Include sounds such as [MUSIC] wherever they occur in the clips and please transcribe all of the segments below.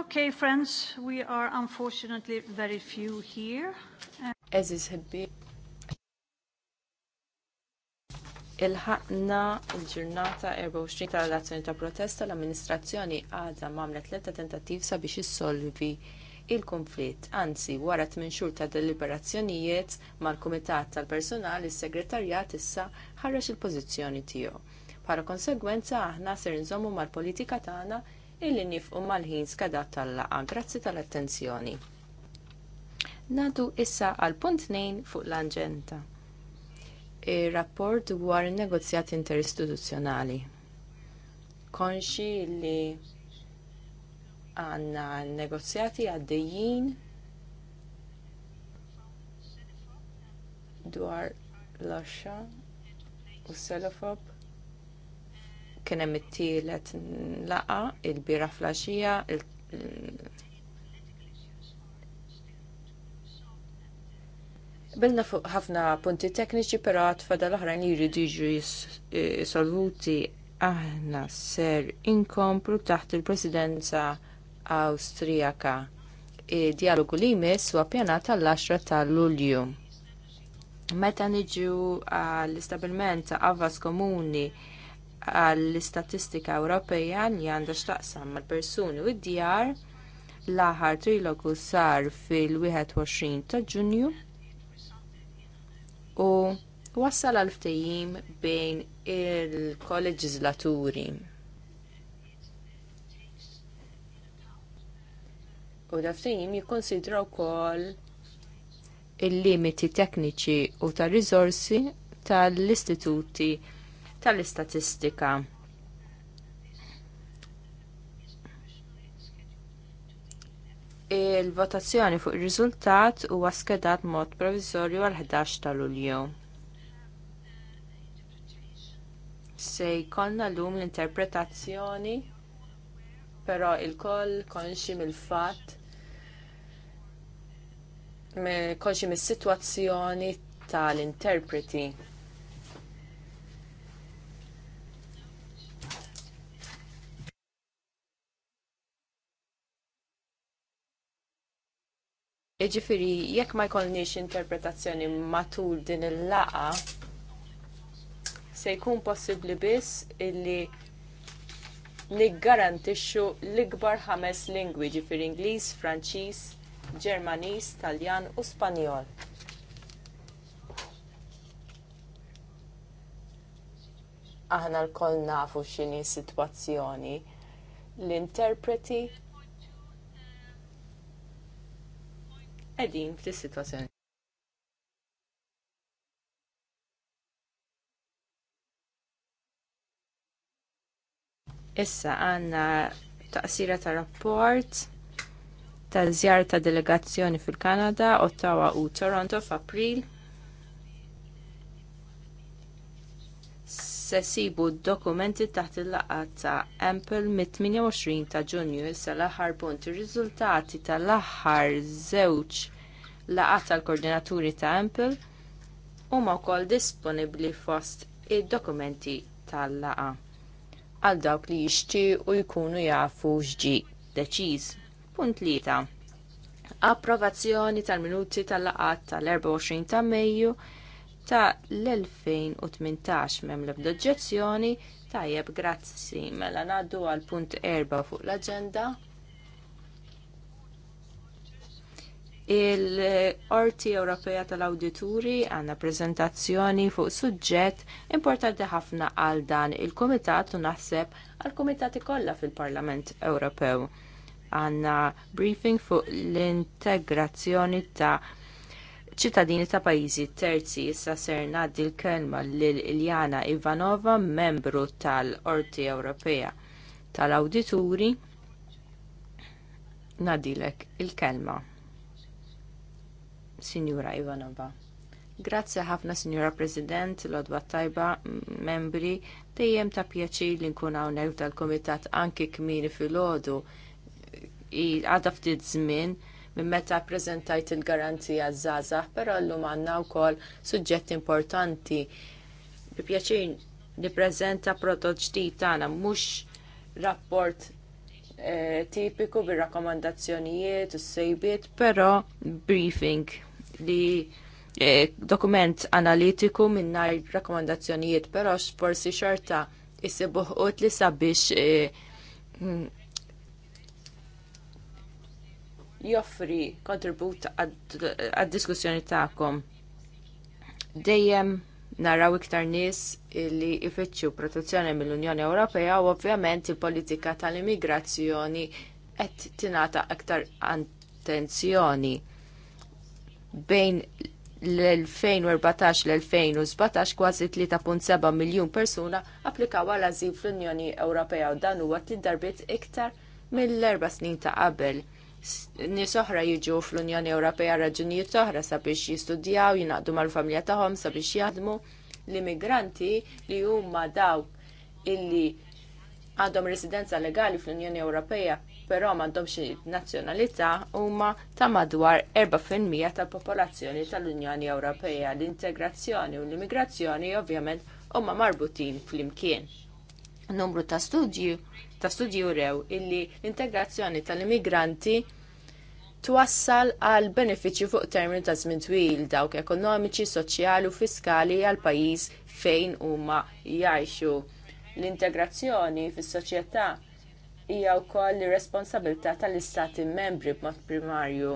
Okay, friends, we are unfortunately very few here. Eżis ħibbi. Il-ħakna il-ġurnata 24 tal-azzjoni ta' protesta l-amministrazzjoni għadha mamlet letta tentattiv sabiex issolvi il-konflitt. Anzi, wara 8 xhur ta' deliberazzjonijiet mal-Kumitat tal-Personal, is-Segretarjat issa ħarrex il-pożizzjoni tiegħu. Para konsegwenza aħna ser nżommu mal-politika tagħna illi nifqu mal-ħin skadat tal-laqa. Grazzi tal-attenzjoni. Nadu issa għal punt nejn fuq l-anġenta. Il-rapport dwar negozjat interistituzzjonali. Konxi li għanna negozjati għaddejjin dwar l-oxa u s-selofob kien hemm it-tielet laqa il-bira flaxija il Bilna fuq ħafna punti tekniċi però għatfada l-oħrajn li jridu jiġu eh, aħna ser inkomplu taħt il-presidenza Awstrijaka. Dialogu li jmiss huwa pjanat tal-10 ta' Lulju. Meta niġu għall-istabilment ta' avvas komuni għall-istatistika Ewropeja li għandha x'taqsam mal-persuni u d-djar l-aħħar trilogu sar fil-21 ta' Ġunju u wassal għal ftehim bejn il-kolleġislaturi. U da jikkonsidra wkoll il-limiti tekniċi u tar-riżorsi tal-istituti tal-istatistika. Il-votazzjoni fuq ir-riżultat huwa skedat mod proviżorju għal 11 ta' Lulju. Se jkollna llum l-interpretazzjoni, però il-koll konxi mill-fatt konxi mis-sitwazzjoni tal-interpreti Jiġifieri jekk ma jkollniex interpretazzjoni matul din il laqgħa se jkun possibbli biss illi niggarantixxu l-ikbar ħames lingwi ġifier Ingliż, Franċiż, Ġermaniż, Taljan u Spanjol. Aħna lkoll nafu x'inhi sitwazzjoni L-interpreti qegħdin fl-situazzjoni. Issa għandna taqsira ta' rapport ta' żjar ta' delegazzjoni fil-Kanada, Ottawa u Toronto f'April se sibu dokumenti taħt il-laqqa ta' Ample mit-28 ta' Ġunju issa l-aħħar punt. Ir-riżultati tal-aħħar żewġ laqgħa tal-koordinaturi ta' Ample huma wkoll disponibbli fost id-dokumenti tal-laqgħa għal dawk li jixtiequ jkunu jafu x'ġi deċiż. Punt lieta. Approvazzjoni tal-minuti tal laqgħa tal-24 ta' Mejju ta' l-2018 mem l-ebda oġġezzjoni tajjeb grazzi mela ngħaddu għal punt erba' fuq l-aġenda. Il-Orti Ewropea tal-Awdituri għandna preżentazzjoni fuq suġġett importanti ħafna għal dan il-Kumitat u naħseb għall kumitati kollha fil-Parlament Ewropew għanna briefing fuq l-integrazzjoni ta' ċittadini ta' pajjiżi terzi issa ser ngħaddi l-kelma lil Iljana Ivanova, membru tal-Qorti Ewropea tal-Awdituri. Nadilek il-kelma. Sinjura Ivanova. Grazzi ħafna Sinjura President, l-Odba Tajba, membri, dejjem ta' pjaċir li nkun hawnhekk tal-Kumitat anki kmini fil-ħodu għadha ftit żmien minn meta prezentajt il-garanzija żgħażagħ, però llum għandna wkoll suġġett importanti. Bi pjaċir nippreżenta prodott ġdid tagħna mhux rapport eh, tipiku bir rakkomandazzjonijiet u sejbiet, però briefing li eh, dokument analitiku mingħajr rakkomandazzjonijiet, però forsi xorta jisibuħ li sabiex eh, joffri kontribut għad-diskussjoni tagħkom. Dejjem naraw iktar nies li ifittxu protezzjoni mill-Unjoni Ewropea u ovvjament il-politika tal-immigrazzjoni qed tingħata aktar attenzjoni bejn l-2014 l-2017 kważi 3.7 miljun persuna applikaw għal azil fl-Unjoni Ewropea u dan huwa tliet darbiet iktar mill-erba' snin ta' qabel nies oħra jiġu fl-Unjoni Ewropea raġunijiet oħra sabiex jistudjaw, jinaqdu mal-familja tagħhom sabiex jaħdmu l-immigranti li huma dawk illi għandhom residenza legali fl-Unjoni Ewropea però m'għandhomx nazzjonalità huma ta' madwar 4% tal-popolazzjoni tal-Unjoni Ewropea. L-integrazzjoni u l-immigrazzjoni ovvjament huma marbutin flimkien. Numru ta' studju ta' studju rew illi l-integrazzjoni tal-immigranti twassal għal benefiċċju fuq termin ta' żmien twil dawk ekonomiċi, soċjali u fiskali għal pajjiż fejn huma jgħixu. L-integrazzjoni fis-soċjetà hija wkoll responsabilità tal-istati membri b'mod primarju.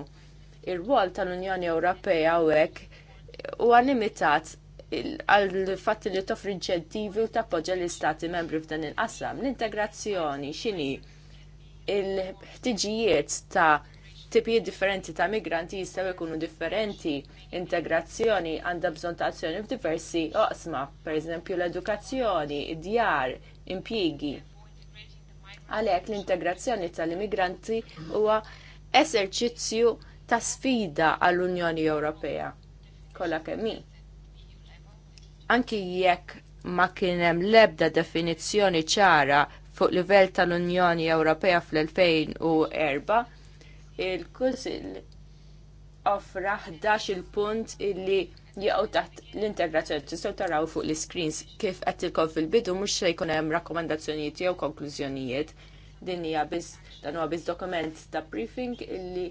Ir-rwol tal-Unjoni Ewropea u hekk huwa limitat għal fat li toffri inċentivi u tappoġġa l-istati membri f'dan il-qasam. L-integrazzjoni xini il-ħtiġijiet ta' tipijiet differenti ta' migranti jistaw ikunu differenti. Integrazzjoni għandha bżonn ta' azzjoni f'diversi oqsma, per eżempju l-edukazzjoni, id-djar, impjigi. Għalhekk l-integrazzjoni tal-immigranti huwa eserċizzju ta' sfida għall-Unjoni Ewropea. Kolla kemmi anki jekk ma kien hemm l-ebda definizzjoni ċara fuq livell tal-Unjoni Ewropea fl-2004, il-Kunsill offra 11 il-punt illi jgħu taħt l-integrazzjoni tistgħu taraw fuq l-screens kif qed tilkom fil-bidu mhux se jkun hemm rakkomandazzjonijiet jew konklużjonijiet. Din hija biss dan huwa biss dokument ta' briefing illi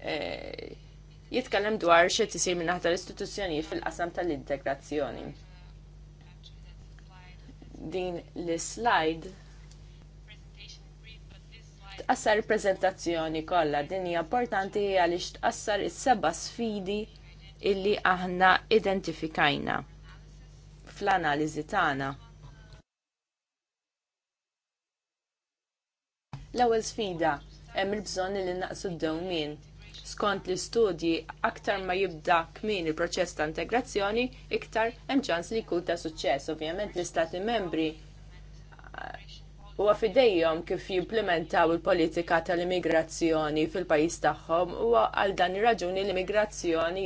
eh, jitkellem dwar xi tisir minn l istituzzjonijiet fil-qasam tal-integrazzjoni. Din l-slide tqassar il-prezentazzjoni kollha din hija importanti għaliex tqassar is-seba' sfidi illi aħna identifikajna fl-analiżi tagħna. L-ewwel sfida hemm il-bżonn li naqsu d-dewmien Skont l-istudji, aktar ma jibda kmin il-proċess ta' integrazzjoni, iktar hemm ċans li jkun ta' suċċess. Ovvjament l-istati membri huwa fidejhom kif jimplementaw il-politika tal-immigrazzjoni fil-pajjiż tagħhom huwa għal dan ir-raġuni l-immigrazzjoni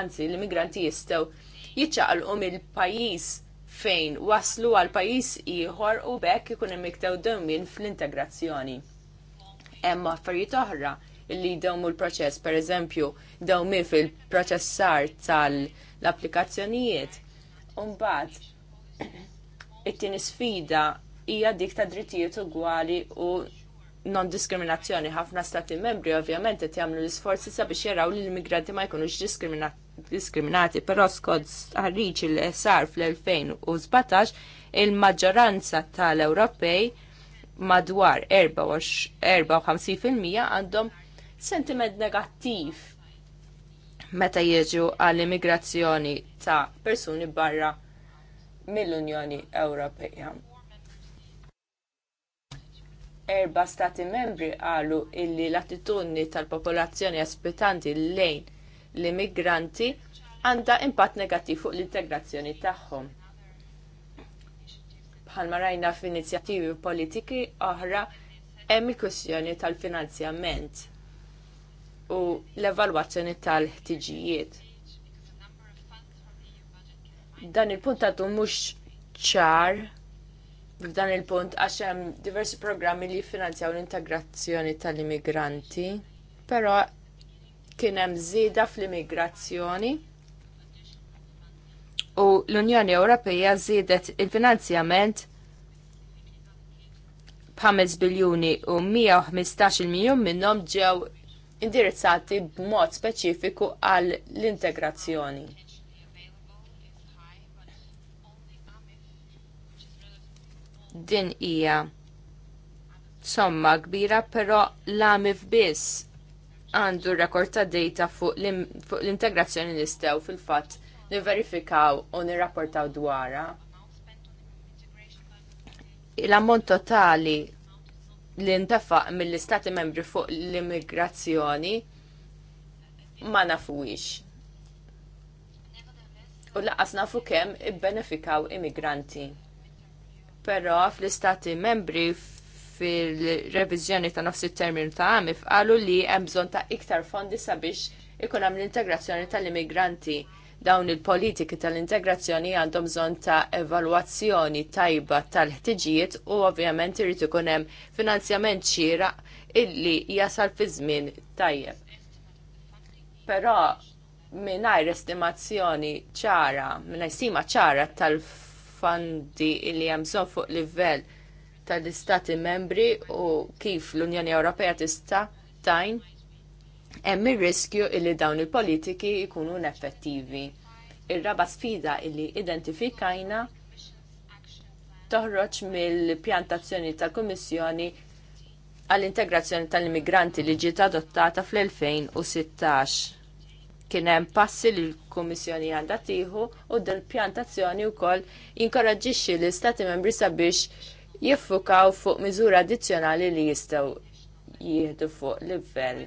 anzi l-immigranti jistgħu jiċċaqalqu mill-pajjiż fejn waslu għal pajjiż ieħor u bekk ikun hemm iktew dewmien fl-integrazzjoni. Hemm affarijiet oħra li dawmu l-proċess, per eżempju, dawmi fil-proċessar tal-applikazzjonijiet. Umbat, [CLEARS THROAT] it-tini sfida hija dik ta' drittijiet ugwali u non-diskriminazzjoni. Ħafna stati membri ovvjament qed jagħmlu l-isforzi sabiex jaraw li l-immigranti ma jkunux diskriminati però skod ħarriġ il sar fl-2017 il-maġġoranza tal-Ewropej madwar 54% għandhom sentiment negattiv meta jieġu għall-immigrazzjoni ta' persuni barra mill-Unjoni Ewropea. Erba stati membri għalu illi l-attitudni tal-popolazzjoni aspettanti lejn l-immigranti għanda impatt negattiv fuq l-integrazzjoni tagħhom. Bħalma rajna f'inizjattivi politiki oħra hemm il-kwestjoni tal-finanzjament u l-evalwazzjoni tal-ħtiġijiet. Dan il-punt għadu mhux ċar f'dan il-punt għax hemm diversi programmi li jiffinanzjaw l-integrazzjoni tal-immigranti, però kien hemm żieda fl-immigrazzjoni u l-Unjoni Ewropea żiedet il-finanzjament b'5 biljuni u 115 miljun minnhom ġew indirizzati b'mod speċifiku għal l-integrazzjoni. Din hija somma kbira però l-amif biss għandu rekord ta' data fuq l-integrazzjoni nistgħu fil-fatt niverifikaw u nirrapportaw dwarha. L-ammont totali li ntaffaq mill-istati membri fuq l-immigrazzjoni ma nafuwix. U laqas nafu kemm ibbenefikaw immigranti. Però fl-istati membri fil-reviżjoni ta' nofs termin ta' għamif qalu li hemm bżonn ta' iktar fondi sabiex ikun hemm l-integrazzjoni tal-immigranti dawn il-politiki tal-integrazzjoni għandhom bżonn ta' evalwazzjoni tajba tal-ħtiġijiet u ovvjament irid ikun hemm finanzjament xieraq illi jasal fi żmien tajjeb. Però mingħajr estimazzjoni ċara, mingħajr sima ċara tal-fandi illi hemm bżonn fuq livell tal-istati membri u kif l-Unjoni Ewropea tista' tajn hemm ir-riskju illi dawn il-politiki jkunu neffettivi. Ir-raba sfida illi identifikajna toħroġ mill-pjantazzjoni tal-Kummissjoni għall-integrazzjoni tal-immigranti li ġiet adottata fl-2016. Kien hemm passi li l-Kummissjoni għandha tieħu u dil-pjantazzjoni wkoll jinkoraġġixxi l-Istati membri sabiex jiffukaw fuq miżura addizzjonali li jistgħu jieħdu fuq livell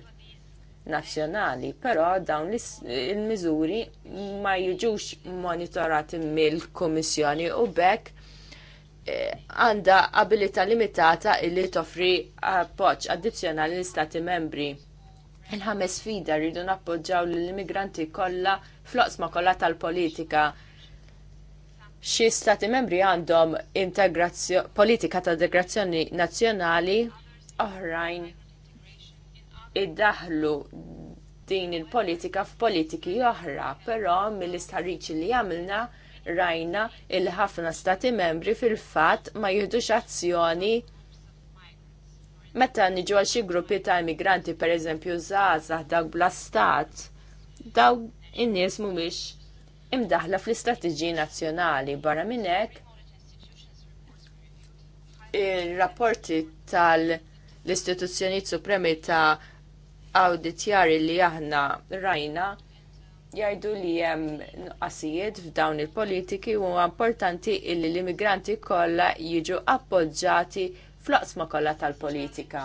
nazzjonali, però dawn il-miżuri ma jiġux monitorati mill-Kummissjoni u bekk għanda eh, abilità limitata illi toffri appoġġ addizzjonali l-Stati membri. Il-ħames sfida rridu nappoġġaw l-immigranti kollha ma kollha tal-politika xi stati membri għandhom politika ta' integrazzjoni nazzjonali oħrajn iddaħlu din il-politika f'politiki oħra, però mill-istħarriċi li għamilna rajna il-ħafna stati membri fil-fat ma jihdux azzjoni meta niġu għal xi gruppi ta' immigranti pereżempju żgħażagħ dawk bla stat, dawk in-nies mhumiex imdaħla fl-istrateġiji nazzjonali barra minn hekk ir-rapporti tal-istituzzjonijiet supremi ta' awditjari li aħna rajna jgħidu li hemm nuqqasijiet f'dawn il-politiki u importanti illi l-immigranti kollha jiġu appoġġjati fl-oqsma kollha tal-politika.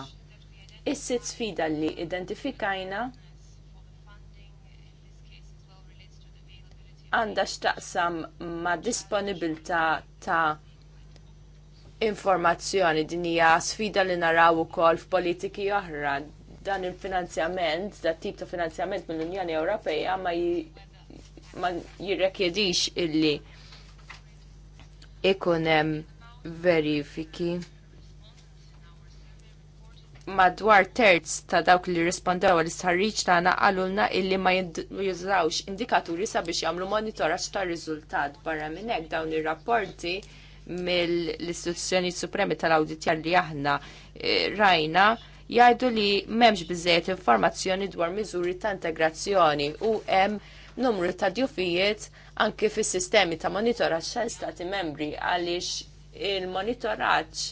Is-sitt sfida li identifikajna għanda x'taqsam ma' disponibilità ta' informazzjoni din hija sfida li naraw ukoll f'politiki oħra dan il-finanzjament, da tip ta' finanzjament mill-Unjoni Ewropea ma, ma jirrekjedix illi ikunem verifiki madwar terz ta' dawk li rispondew għal istarriċ tagħna qalulna illi ma jużawx indikaturi sabiex jagħmlu monitoraġġ ta' riżultat barra minn hekk dawn ir-rapporti mill-istituzzjoni supremi tal-awditjar li aħna eh, rajna jgħidu li m'hemmx biżejjed informazzjoni dwar miżuri ta' integrazzjoni u hemm numru ta' djufijiet anke fis-sistemi ta' monitoraġġ tal stati membri għaliex il-monitoraġġ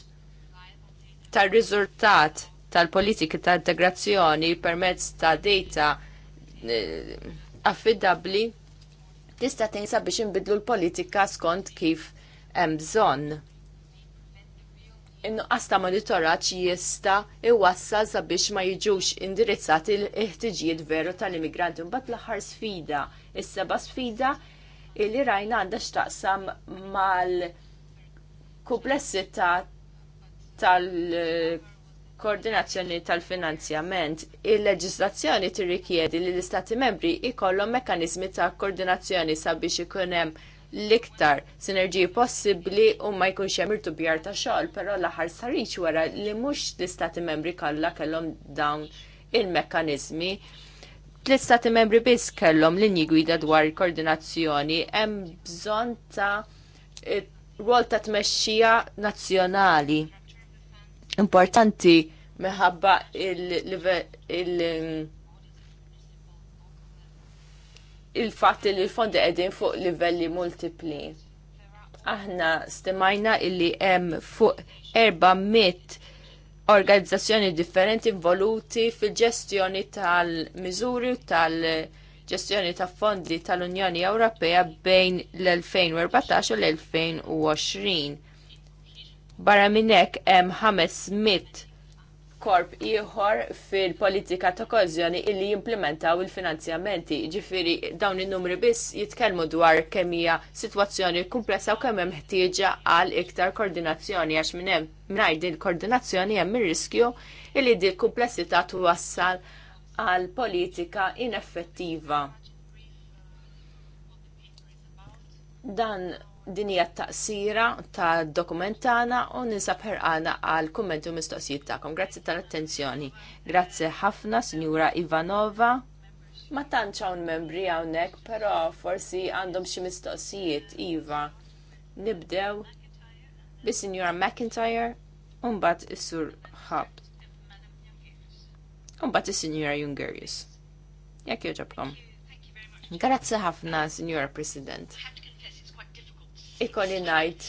tar-riżultat tal-politiki ta' integrazzjoni permezz ta' data eh, affidabbli tista' tinsab biex inbidlu l-politika skont kif hemm bżonn. In-nuqqas ta' monitorat jista' iwassal sabiex ma jiġux indirizzati l-ħtiġijiet veru tal-immigranti. Mbagħad l-aħħar sfida, is-seba sfida li rajna għandha x'taqsam mal-kumplessità tal-koordinazzjoni tal-finanzjament. Il-leġislazzjoni tirrikjedi li l-Istati membri ikollhom mekkaniżmi ta' koordinazzjoni sabiex ikun hemm l-iktar sinerġiji possibbli u ma jkunx hemm irtubjar ta' xogħol, però l-aħħar sarriċ wara li mhux l-istati membri kollha kellhom dawn il-mekkaniżmi. L-istati membri biss kellhom linji gwida dwar koordinazzjoni hemm bżonn ta' rwol ta' tmexxija nazzjonali. Importanti meħabba il-livell il, il, il il-fatt li l-fondi qegħdin fuq livelli multipli. Aħna stemajna illi hemm fuq 400 organizzazzjoni differenti involuti fil-ġestjoni tal-miżuri tal-ġestjoni ta' fondi tal-Unjoni Ewropea bejn l-2014 u l-2020. Barra minnek hemm 500 korp ieħor fil-politika ta' kozzjoni illi jimplementaw il-finanzjamenti. Ġifiri, dawn in-numri biss jitkellmu dwar kemm hija sitwazzjoni kumplessa u kemm hemm ħtieġa għal iktar koordinazzjoni għax minn hemm mingħajr il koordinazzjoni hemm ir-riskju illi din il-kumplessità twassal għal politika ineffettiva. Dan din hija taqsira ta' dokumentana u ninsab ħerqana għal kummenti u mistoqsijiet tagħkom. Grazzi tal-attenzjoni. Grazzi ħafna, Sinjura Ivanova. Ma tantx hawn membri hawnhekk, però forsi għandhom xi mistoqsijiet iva. Nibdew bis Sinjura McIntyre u mbagħad is-Sur Hub. U mbagħad is-Sinjura Jungerius. Jekk jogħġobkom. Grazzi ħafna, Sinjura President ikolli ngħid.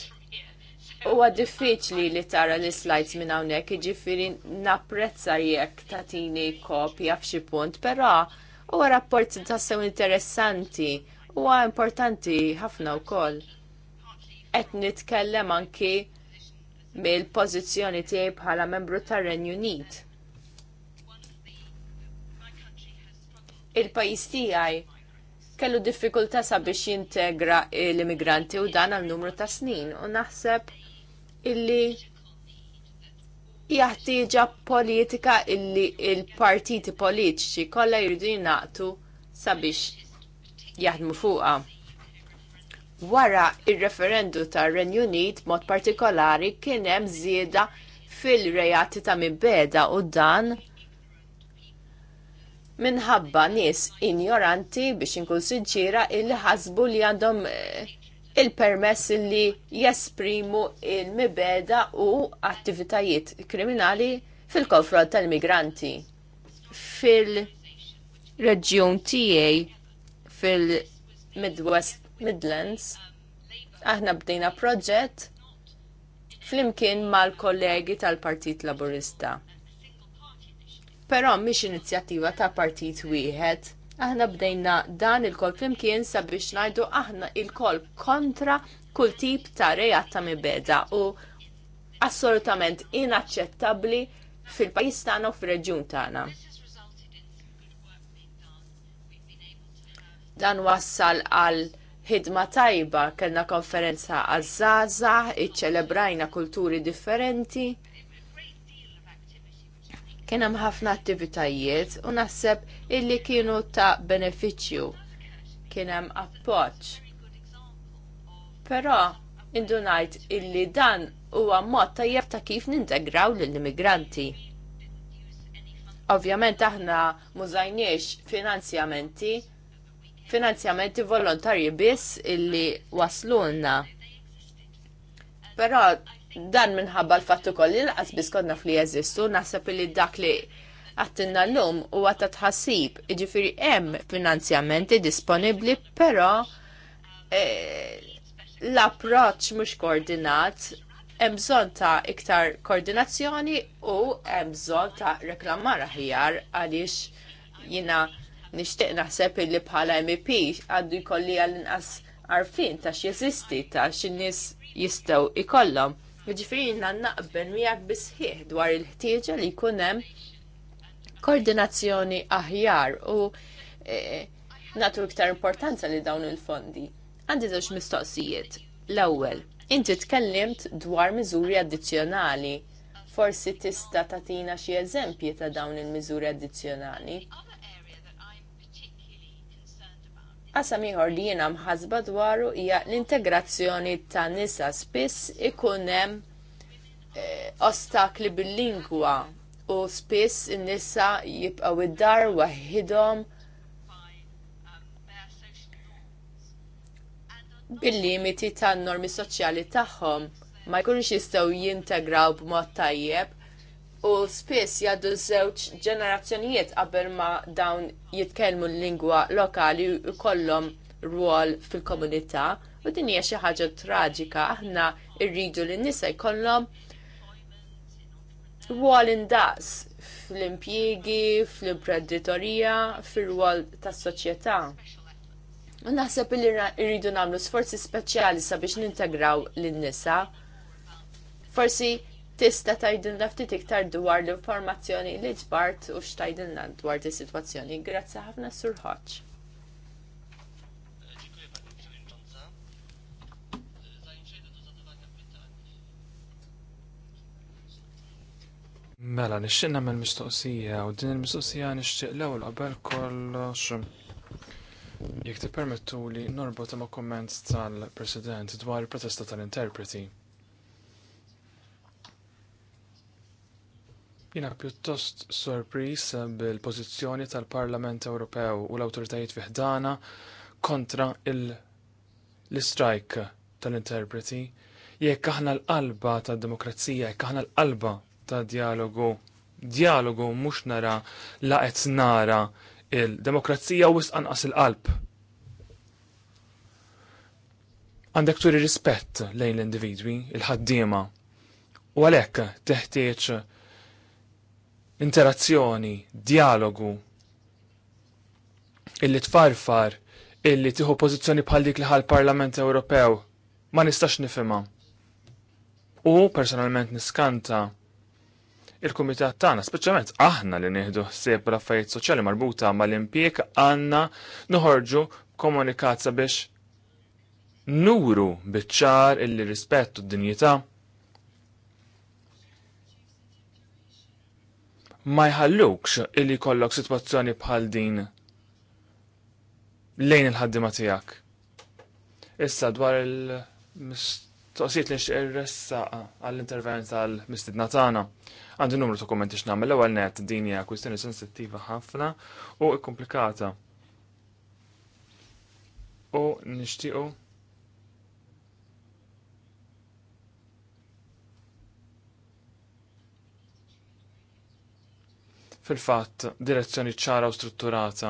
Huwa diffiċli li tara l-slides minn hawnhekk, jiġifieri napprezza jekk tatini kopja f'xi punt, però huwa rapport tassew interessanti, huwa importanti ħafna wkoll. Qed nitkellem anki mill-pożizzjoni tiegħi bħala membru tar-Renju Unit. Il-pajjiż tiegħi kellu diffikultà sabiex jintegra l-immigranti u dan għal numru ta' snin u naħseb illi jaħtieġa politika illi il-partiti politiċi kollha jridu jingħaqdu sabiex jaħdmu fuqha. Wara il referendu tar renju Unit mod partikolari kien hemm żieda fil-rejati ta' mibeda u dan minħabba nies injoranti biex inkun sinċira illi ħasbu li għandhom eh, il-permess li jesprimu il-mibeda u attivitajiet kriminali fil-konfront tal-migranti. Fil-reġjun tiegħi fil-Midwest Midlands, aħna bdejna proġett flimkien mal-kollegi tal-Partit Laburista però mhix inizjattiva ta' partit wieħed. Aħna bdejna dan il kolb flimkien sabiex ngħidu aħna il kolb kontra kull tip ta' rejat ta' mibeda u assolutament inaċċettabbli fil-pajis tagħna u fir-reġjun tagħna. Dan wassal għal ħidma tajba kellna konferenza għaż-żgħażagħ, iċċelebrajna kulturi differenti. Kien hemm ħafna attivitajiet u naħseb illi kienu ta' benefiċċju. Kien hemm appoġġ. Però indunajt illi dan huwa mod tajjeb ta' kif nintegraw lill-immigranti. Ovvjament aħna mużajniex finanzjamenti, finanzjamenti volontarji biss illi waslu Però dan minħabba l-fattu kolli l-qas biskodna fli jeżistu, naħseb li dak li għattinna l-lum u għatta tħassib, ġifiri hemm finanzjamenti disponibli, pero eh, l-approċ mux koordinat, hemm bżonn ta' iktar koordinazzjoni u hemm bżonn ta' reklamara aħjar għaliex jina nixtieq naħseb li bħala MEP għaddu jkolli għall-inqas għarfin ta' x'jeżisti ta' x'in-nies jistgħu ikollhom Jiġifieri na naqbel miegħek bisħieħ dwar il-ħtieġa li jkun hemm koordinazzjoni aħjar u e, natu iktar importanza li dawn il-fondi. Għandi żewġ mistoqsijiet. L-ewwel, inti tkellimt dwar miżuri addizzjonali. Forsi tista' tagħtina xi eżempji ta' dawn il-miżuri addizzjonali. Qasam ieħor li jiena mħasba dwaru hija l-integrazzjoni ta' nisa spiss ikun hemm eh, ostakli bil-lingwa u spiss in-nisa jibqgħu id-dar waħidhom bil-limiti tan-normi soċjali tagħhom ma jkunux jistgħu jintegraw b'mod tajjeb u spiss jaddu żewġ ġenerazzjonijiet qabel ma dawn jitkellmu l-lingwa lokali u kollhom rwol fil-komunità u din hija xi ħaġa traġika aħna rridu li n-nisa jkollhom rwol indaqs fl-impjiegi, fl-imprenditorija, fil-rwol tas-soċjetà. U naħseb li rridu nagħmlu sforzi speċjali sabiex nintegraw lin-nisa. Forsi tista' tgħidilna ftit iktar dwar l-informazzjoni li ġbart u x'tajdilna dwar di sitwazzjoni. Grazzi ħafna Sur Hodge. Mela, nixtieq nagħmel mistoqsija u din il-mistoqsija nixtieq l-ewwel qabel kollox jekk permettu li norbot ma' komment tal-President dwar il-protesta tal-interpreti. Jina pjuttost sorpris bil-pozizjoni tal-Parlament Ewropew u l-autoritajiet fiħdana kontra l strike tal-interpreti. Jekk aħna l-qalba tad-demokrazija, jekk aħna l-qalba tad-dialogu, dialogu mhux nara laqet nara il-demokrazija u anqas il-qalb. Għandek turi rispett lejn l-individwi, il-ħaddiema. U għalhekk teħtieġ interazzjoni, dialogu, illi tfarfar, illi tiħu pożizzjoni bħal dik liħal Parlament Ewropew, ma nistax nifhimha. U personalment niskanta il-kumitat tagħna, speċjalment aħna li nieħdu ħsieb l-affarijiet soċjali marbuta mal-impjeg għandna noħorġu komunikat sabiex nuru biċ-ċar illi rispett u d-dinjità ma jħallukx illi kollok situazzjoni bħal din lejn il-ħaddima tijak. Issa dwar il-mistoqsijiet li xirressa għall-intervent tal mistid tagħna. għandu numru ta' kommenti l-ewwel net din hija kwistjoni sensittiva ħafna u komplikata. U nixtiequ fil-fatt direzzjoni ċara u strutturata.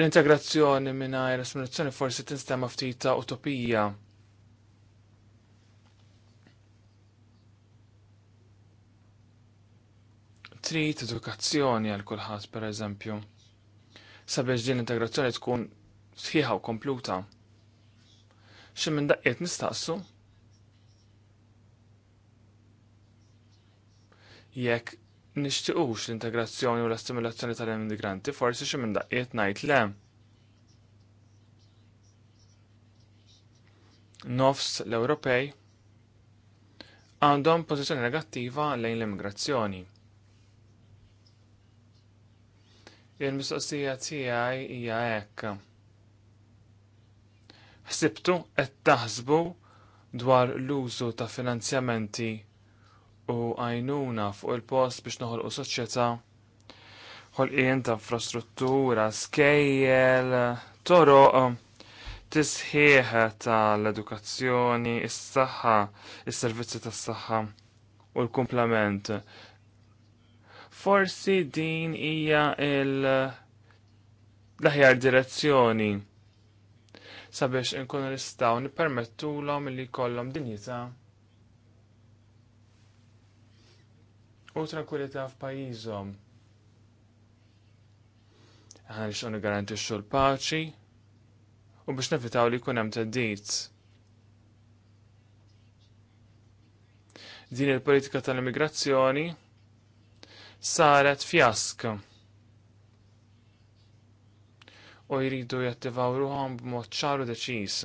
L-integrazzjoni mingħajr assimilazzjoni forsi tinstema ftita utopija. Trid edukazzjoni għal kulħadd pereżempju. Sabiex din l-integrazzjoni tkun sħiħa u kompluta. Xi minn daqqiet nistaqsu jekk nixtiqux l-integrazzjoni u l-assimilazzjoni tal-immigranti, forsi xi minn daqqiet ngħid le. Nofs l-Ewropej għandhom pożizzjoni negattiva lejn l-immigrazzjoni. Il-mistoqsija tiegħi hija hekk. Ħsibtu qed taħsbu dwar l-użu ta' finanzjamenti u għajnuna fuq il-post biex noħolqu soċjetà ħolqien ta' infrastruttura, skejjel, toroq, tisħieħ tal-edukazzjoni, is-saħħa, is-servizzi tas-saħħa u l-kumplament. Forsi din hija il- l-aħjar direzzjoni sabiex nkunu nistgħu nippermettulhom li jkollhom dinjità u tranquillità f'pajjiżhom. Aħna li xogħol garantixxu l-paċi u biex nevitaw li jkun hemm dit. Din il-politika tal-immigrazzjoni saret fjask u jridu jattivaw ruħom b'mod ċaru deċis.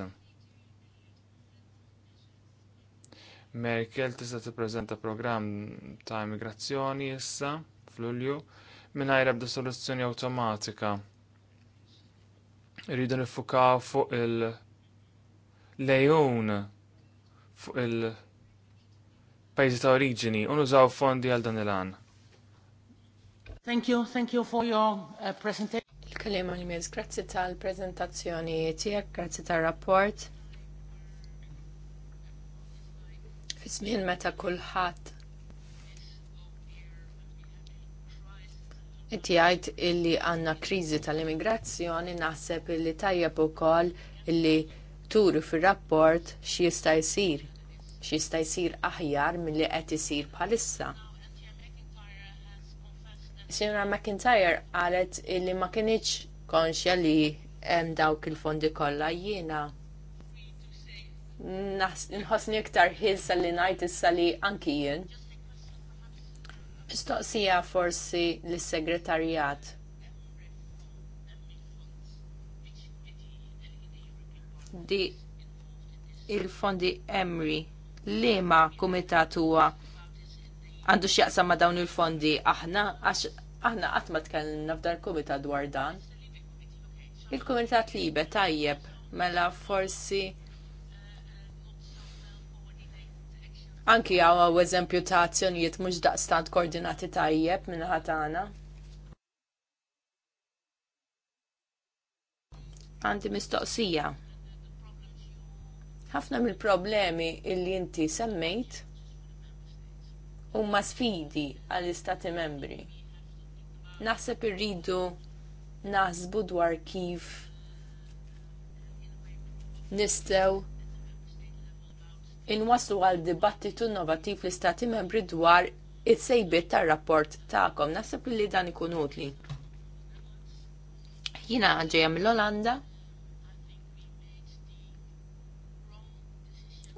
Merkel tista' tippreżenta programm ta' immigrazzjoni issa f'Lulju mingħajr ebda soluzzjoni awtomatika. Iridu nifukaw fuq il-lejun fuq il-pajjiżi ta' oriġini u nużaw fondi għal dan il-għan. Thank you, thank you for your uh, presentation. Il-kalima li mezz, grazzi tal-prezentazzjoni tiegħek, grazzi tal-rapport. fi żmien meta kulħadd Inti għajt illi għanna kriżi tal-immigrazzjoni naħseb illi tajjeb ukoll illi turi fir-rapport xi jista' jsir, xi jista' jsir aħjar milli qed isir bħalissa. Sinra McIntyre qalet illi ma kienx konxja li hemm dawk il-fondi kollha jiena nħossni iktar ħilsa li ngħid issa li anki jien. Mistoqsija forsi lis-segretarjat. Di il-fondi Emri liema kumitat huwa għandu x'jaqsam ma' dawn il-fondi aħna għax aħna qatt ma tkellimna f'dar kumitat dwar dan. Il-kumitat libe tajjeb mela forsi Anki għaw eżempju ta' azzjonijiet mhux daqstant koordinati tajjeb minn ħatana. Għandi mistoqsija. Ħafna mill-problemi illi inti semmejt huma sfidi għall-istati membri. Naħseb irridu naħsbu dwar kif nistgħu inwaslu għal dibattitu innovativ l istati membri dwar it-sejbiet tar-rapport tagħkom. Naħseb li dan ikun utli. Jina ġejja mill-Olanda.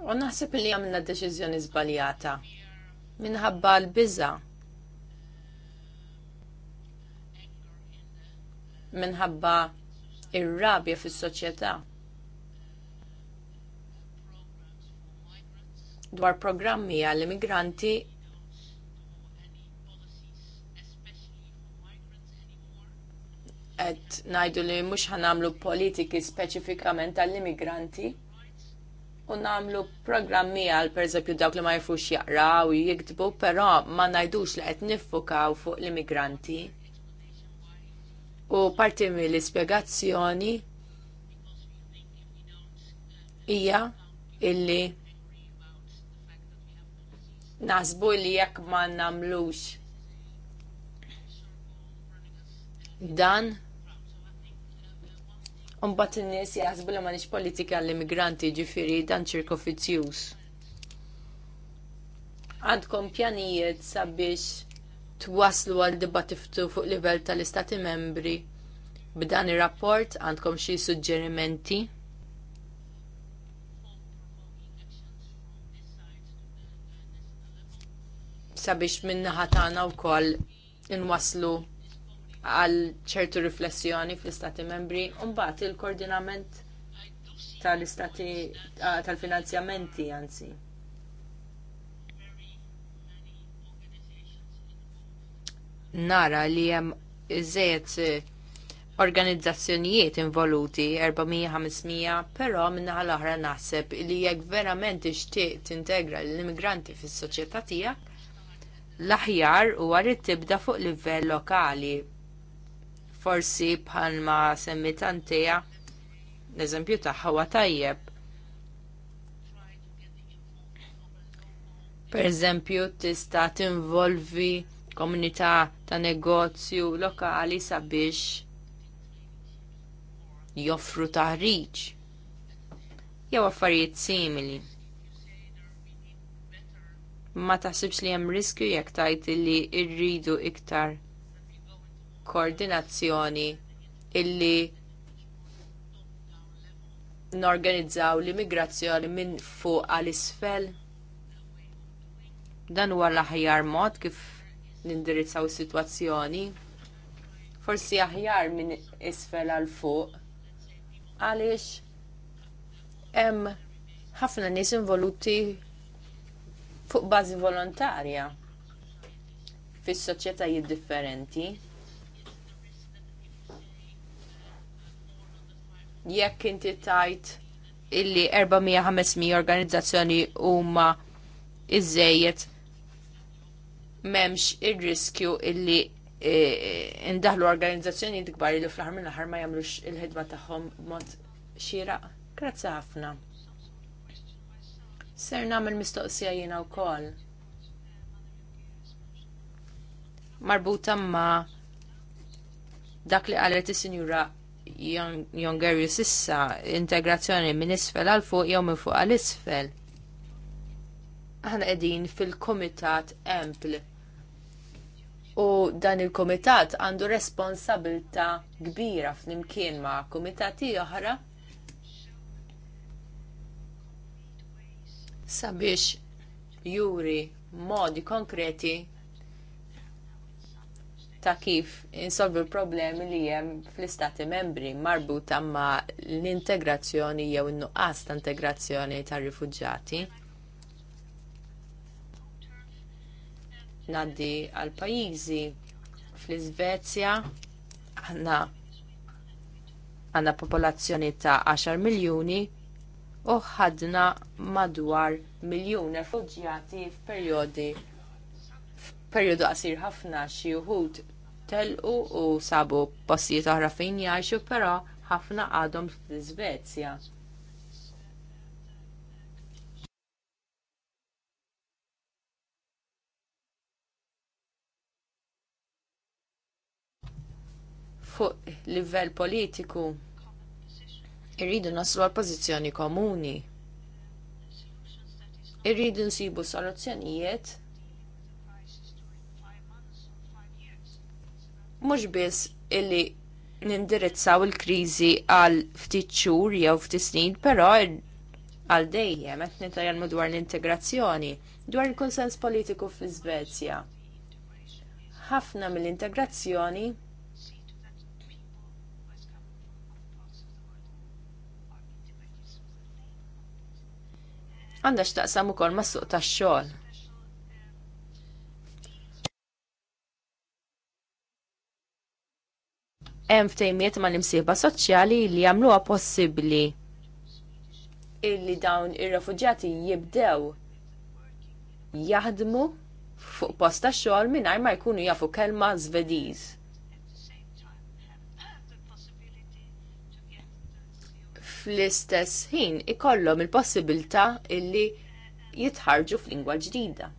U naħseb li għamilna deċiżjoni żbaljata minħabba l-biża' minħabba ir-rabja fis-soċjetà. dwar programmi għall-immigranti qed najdu li mux ħanamlu politiki specifikament għall-immigranti u nagħmlu programmi għal pereżempju dawk li ma jifux jaqraw u jiktbu, però ma ngħidux li qed nifukaw fuq l-immigranti. U parti mill-ispjegazzjoni hija illi naħsbu li jekk ma namlux dan Umbat n nies jazbu li nix politika l-immigranti ġifiri dan ċirko fizzjus. Għandkom pjanijiet sabiex twaslu għal dibattiftu fuq livell tal-istati membri. B'dan ir rapport għandkom xi suġġerimenti? sabiex minnaħa tagħna wkoll inwaslu għal ċertu riflessjoni fl-istati membri u mbagħad il-koordinament tal-istati ah, tal-finanzjamenti anzi. Nara li hemm iżejjed eh, organizzazzjonijiet involuti 400-500, però minna l-oħra naħseb li jekk verament iġtiet tintegra l-immigranti fis-soċjetà tiegħek, l-aħjar u għarrit tibda fuq livell lokali. Forsi bħalma semmitantija, l-eżempju taħħa tajjeb. Per eżempju, tista' tinvolvi komunità ta' negozju lokali sabiex joffru taħriġ jew affarijiet simili ma taħsibx li hemm riskju jekk tgħid li rridu iktar koordinazzjoni illi norganizzaw l-immigrazzjoni minn fuq għal isfel. Dan huwa l-aħjar mod kif nindirizzaw is-sitwazzjoni. Forsi aħjar minn isfel għal fuq. Għaliex hemm ħafna nies involuti fuq bażi volontarja fis-soċjetajiet differenti. Jekk inti tajt illi 400-500 organizzazzjoni huma iżejjed memx ir-riskju illi e, e indaħlu organizzazzjoni kbar li fl-ħar mill ma jagħmlux il-ħidma tagħhom b'mod xieraq. Grazzi ħafna. Ser namel mistoqsija jina u kol. Marbuta ma dak li għalet il-sinjura Jongerju sissa integrazzjoni minn isfel għal fuq jew minn fuq għal isfel. Aħna qegħdin fil-Komitat Empl. U dan il-Komitat għandu responsabilta kbira f'nimkien ma' komitati oħra sabiex juri modi konkreti ta' kif insolvi l-problemi li hemm fl-istati membri marbuta ma' l-integrazzjoni jew in-nuqqas ta' integrazzjoni tar rifugġati. Naddi għal pajjiżi fl-Iżvezja għandna għandna popolazzjoni ta' 10 miljuni u ħadna madwar miljun refuġjati f'perjodi f'perjodu qasir ħafna xi wħud telqu u sabu postijiet oħra fejn jgħixu però ħafna għadhom fl-Iżvezja. Fuq livell politiku Irridu naslu għal pożizzjoni komuni. Irridu nsibu soluzzjonijiet mhux biss illi nindirizzaw il-kriżi għal ftit xhur jew ftit snin, però għal dejjem qed nitajjelmu dwar l-integrazzjoni, dwar il-konsens politiku fi Svezja. Ħafna mill-integrazzjoni għandha x'taqsam ukoll mas-suq tax-xogħol. Hemm ftejmiet mal imsieba soċjali li jagħmluha possibbli illi dawn ir-refuġjati jibdew jaħdmu fuq posta xogħol mingħajr ma jkunu jafu kelma Żvediż. fl-istess ħin ikollhom il-possibilità illi jitħarġu f'lingwa ġdida.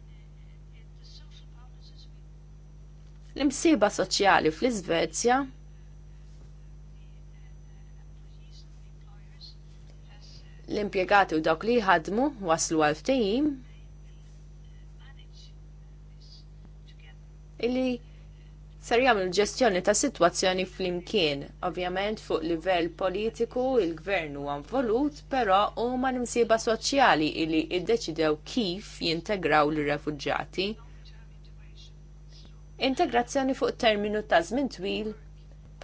L-imsiba soċjali fl-Iżvezja l-impjegati u dawk li jħadmu waslu għal ftehim illi ser jagħmel ġestjoni ta' sitwazzjoni flimkien. Ovvjament fuq livell politiku il-gvern huwa involut, però huma l soċjali li ddeċidew kif jintegraw lir-refuġġati. Integrazzjoni fuq terminu ta' żmien twil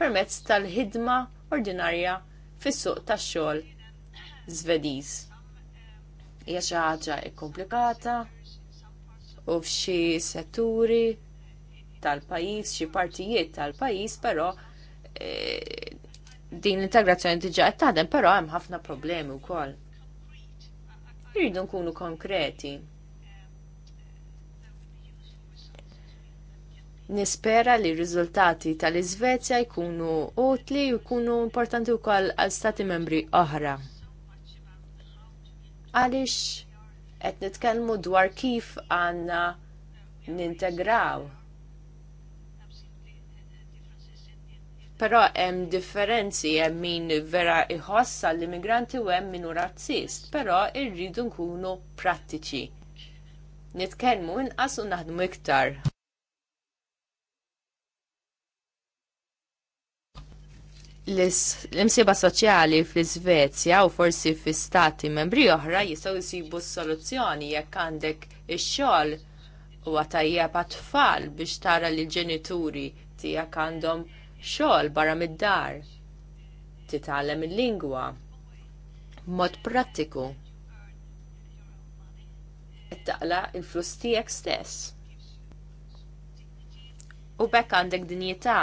permezz tal-ħidma ordinarja fis-suq tax-xogħol Żvediż. Hija xi ħaġa komplikata u f'xi setturi tal-pajis, xi partijiet tal-pajis, però eh, din l-integrazzjoni diġà qed taħdem, però hemm ħafna problemi wkoll. Irridu nkunu konkreti. Nispera li r-riżultati tal-Iżvezja jkunu utli u jkunu importanti wkoll għal stati membri oħra. Għaliex qed nitkellmu dwar kif għandna nintegraw Però hemm differenzi hemm min vera iħossa l-immigranti u hemm min razzist, però irridu nkunu prattiċi. Nitkellmu inqas u naħdmu iktar. l-imsiba soċjali fl-Svezja u forsi fl stati membri oħra jistgħu jsibu soluzzjoni jekk għandek ix-xogħol u għatajja tfal biex tara li ġenituri tiegħek għandhom xogħol barra mid-dar, titgħallem il-lingwa b'mod prattiku. Qed taqla l-flus tiegħek stess. U bekk għandek dinjità.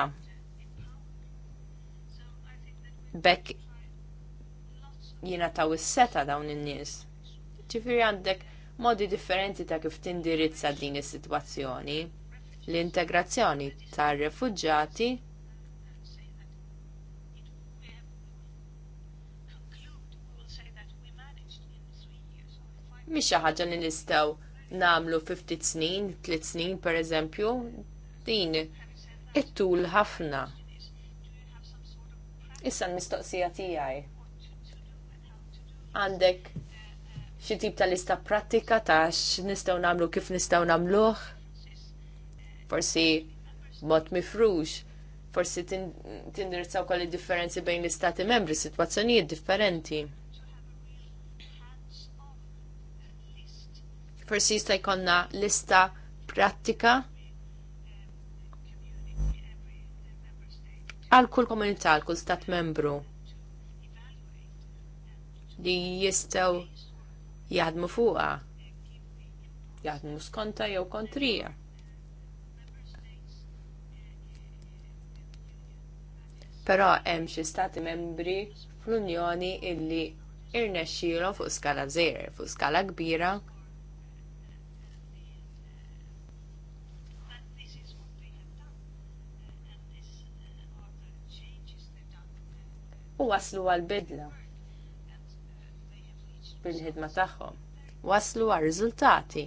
Bekk jiena taw is-seta dawn in-nies. Ġifieri għandek modi differenti ta' kif tindirizza din is-sitwazzjoni. L-integrazzjoni tar-refuġġati mhix xi ħaġa li nistgħu nagħmlu fi ftit snin, tliet snin pereżempju, din it-tul ħafna. Issa l-mistoqsija tiegħi. Għandek xi tip ta' lista pratika ta' x'nistgħu nagħmlu kif nistgħu nagħmluh? Forsi mod mifrux, forsi tindirizzaw kolli differenzi bejn l-istati membri, sitwazzjonijiet differenti. forsi jista' jkollna lista prattika għal kull komunità, għal kull stat membru li jistaw jaħdmu fuqa, jaħdmu skonta jew kontrija. Però hemm xi stati membri fl-Unjoni illi irnexxielhom fuq skala żgħir, fuq skala kbira u waslu għal bidla bil-ħidma tagħhom. Waslu għal riżultati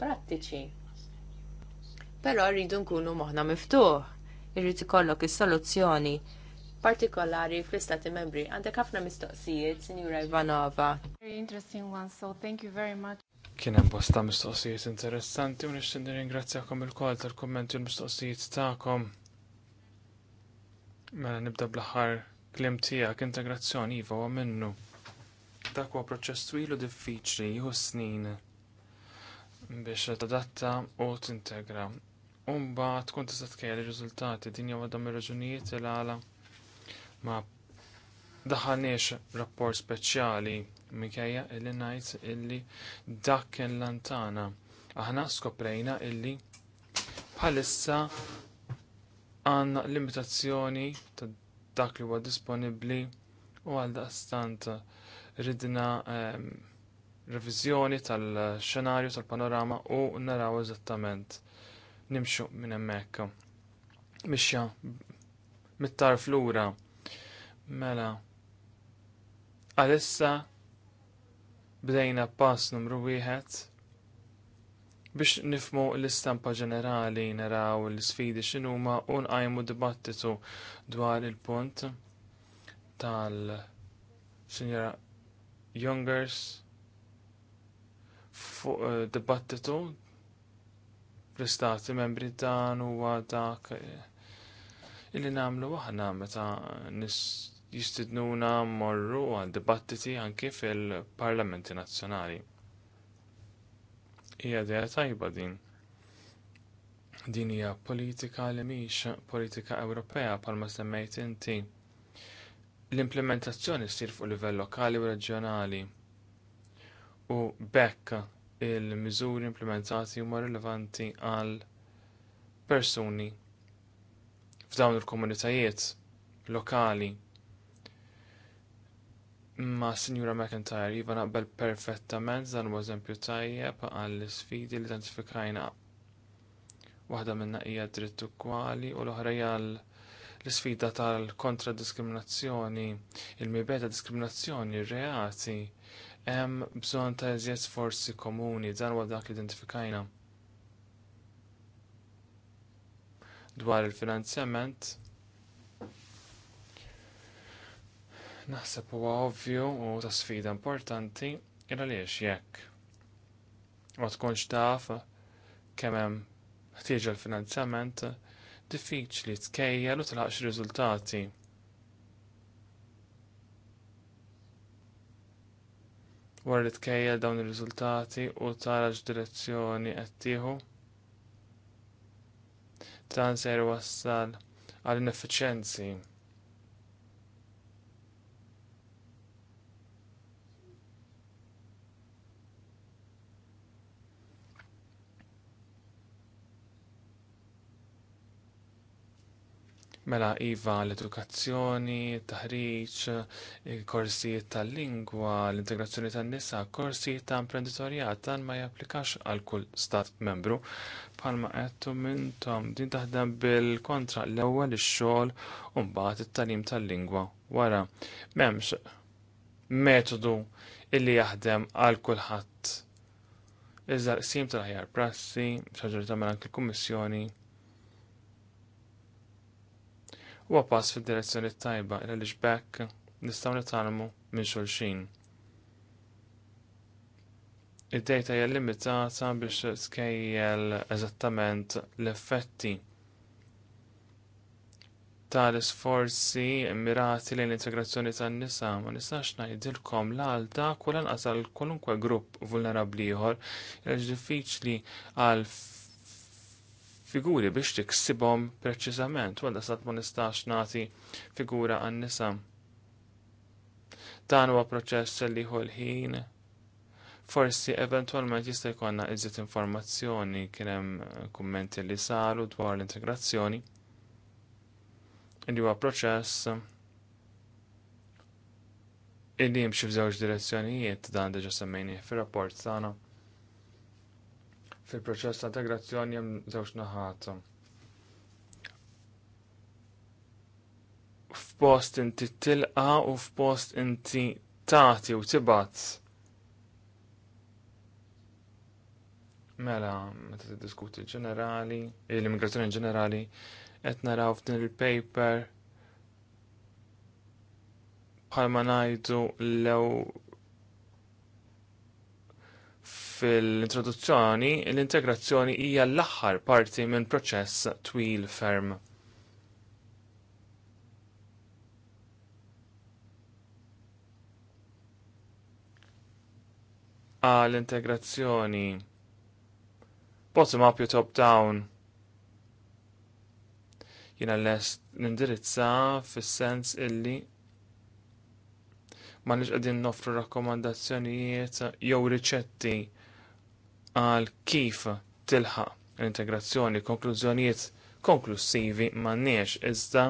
prattiċi. Però rridu nkunu moħna miftuħ, irrid ikollok is-soluzzjoni partikolari fl-istati membri. Għandek ħafna mistoqsijiet, Sinjura Ivanova. Very interesting one, so thank you very much. Kien hemm bosta mistoqsijiet interessanti u nixtieq nirringrazzjakom il-kol tal-kummenti u l-mistoqsijiet tagħkom. Mela nibda bl-aħħar klim tiegħek integrazzjoni iva u minnu. Dak huwa proċess twilu diffiċli jieħu snin biex tadatta u tintegra. Umba tkun tista' tkejjel ir-riżultati din jew għadhom ir-raġunijiet il għala ma daħalniex rapport speċjali minkejja illi ngħid illi dak kien lantana. Aħna skoprejna illi bħalissa għanna limitazzjoni ta' dak li huwa disponibbli u għal daqstant ridna um, ehm, revizjoni tal-xenarju tal-panorama u naraw eżattament nimxu minn hemmhekk. Mixja mit flura mela għalissa bdejna pass numru wieħed biex nifmu l-istampa ġenerali naraw l isfidi x'inhuma u nqajmu dibattitu dwar il-punt tal-Sinjora Youngers fuq eh, dibattitu fl-istati membri dan huwa dak eh, illi nagħmlu aħna meta jistidnuna mmorru għal dibattiti anki fil-parlamenti nazzjonali hija idea tajba din. Din hija politika li mhix politika Ewropea ma semmejt inti. L-implementazzjoni ssir fuq livell lokali u reġjonali. U bekk il-miżuri implementati huma rilevanti għal persuni f'dawn il-komunitajiet lokali Ma Signora McIntyre, jiva naqbel perfettament dan huwa eżempju tajjeb għall sfidi li identifikajna. Waħda minna hija dritt ukwali u l-oħra hija l-sfida tal-kontra diskriminazzjoni, il-mibeda diskriminazzjoni, reati hemm bżonn ta' eżjed sforzi komuni dan huwa dak li identifikajna. Dwar il-finanzjament, Naħseb huwa ovvju u ta' sfida importanti il għaliex jekk. Ma tkunx taf kemm hemm ħtieġa l-finanzjament diffiċli tkejjel u tlaqx riżultati. Wara li tkejjel dawn ir-riżultati u tara x'direzzjoni qed tieħu. Dan se jwassal għall ineffiċjenzi Mela iva l-edukazzjoni, taħriġ, korsijiet tal-lingwa, l-integrazzjoni tan-nisa, korsijiet ta' imprenditorjat dan ma japplikax għal kull stat membru. Palma qedtu minnhom din taħdem bil-kontra l-ewwel ix-xogħol u mbagħad it-talim tal-lingwa wara. M'hemmx metodu illi jaħdem għal kulħadd. Iżda sim tal-ħjar prassi, xaġġorita mal il l-Kummissjoni, u pass fil-direzzjoni tajba il li bekk nistaw nitalmu minn xulxin. Id-dejta hija limitata biex skejjel eżattament l-effetti tal-isforzi mirati lejn l-integrazzjoni tan-nisa ma nistax ngħidilkom l-għalda kull anqas għal kwalunkwe grupp vulnerabbli ieħor għax diffiċli għal figuri biex tiksibhom preċiżament, wala sat ma nistax nagħti figura għan-nisa. Dan huwa proċess li ħin forsi eventualment jista' jkollna iżjed informazzjoni kien hemm kummenti li saru dwar l-integrazzjoni. Li huwa proċess illi jimxi f'żewġ direzzjonijiet dan deġa semmejni fir-rapport tagħna fil-proċess ta' integrazzjoni hemm żewġ naħata. F'post inti tilqa u f'post inti tagħti u tibgħat. Mela, meta tiddiskuti ġenerali, l-immigrazzjoni ġenerali, qed naraw f'din il-paper bħalma ngħidu l-ew fil-introduzzjoni, l-integrazzjoni hija l-aħħar parti minn proċess twil ferm. għal integrazzjoni bottom up u top down jiena lest nindirizza fis-sens illi ma nix qegħdin nofru rakkomandazzjonijiet jew riċetti għal kif tilħaq l-integrazzjoni konklużjonijiet konklusivi m'għandniex iżda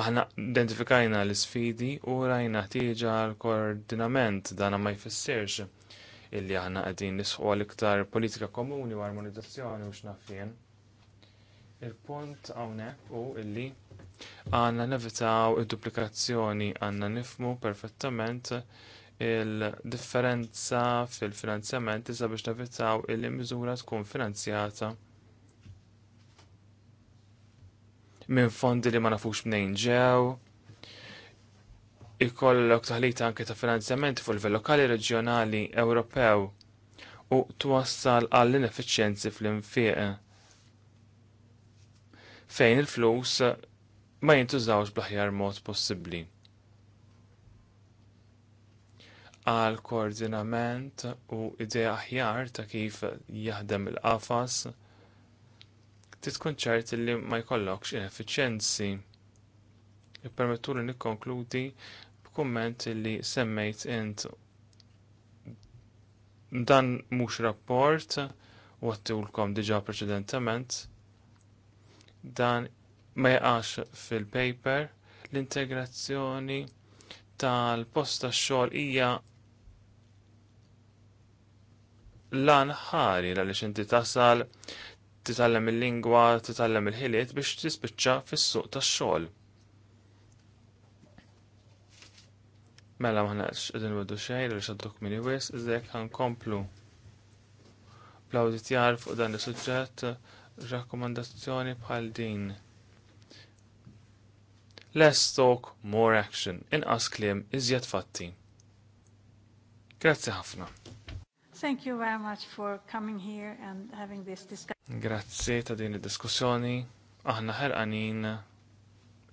aħna identifikajna l isfidi u rajna ħtieġa għal koordinament dana ma jfissirx illi aħna qegħdin nisħu għal iktar politika komuni u armonizzazzjoni u x'nafien. Il-punt hawnhekk u illi għandna nevitaw id-duplikazzjoni għandna nifmu perfettament il-differenza fil-finanzjamenti sabiex nevitaw il-miżura tkun finanzjata minn fondi li ma nafux bnejn ġew, ikollok taħlita anke ta' finanzjamenti fuq livell lokali, reġjonali, Ewropew u twassal għall ineffiċjenzi fl-infieq fejn il-flus ma jintużawx bl-aħjar mod possibbli. għal koordinament u idea aħjar ta' kif jaħdem il-qafas titkun ċert li ma jkollokx ineffiċjenzi. Ippermettu li nikkonkludi b'kumment li semmejt int dan mhux rapport u għattulkom diġa preċedentement dan ma jaqax fil-paper l-integrazzjoni tal-posta xogħol hija lan ħari għaliex inti tasal titallem il-lingwa, titallem il-ħiliet biex tispiċċa fis-suq tax-xogħol. Mela ma ħnax qegħdin weddu xejn għaliex għadduk minni wis, iżdek ħankomplu bl-awditjar fuq dan is-suġġett rakkomandazzjoni bħal din. Less talk, more action, inqas klim iżjed fatti. Grazzi ħafna. Thank you very much for coming here and having this discussion. Grazzi ta' din id-diskussjoni. Aħna ħerqanin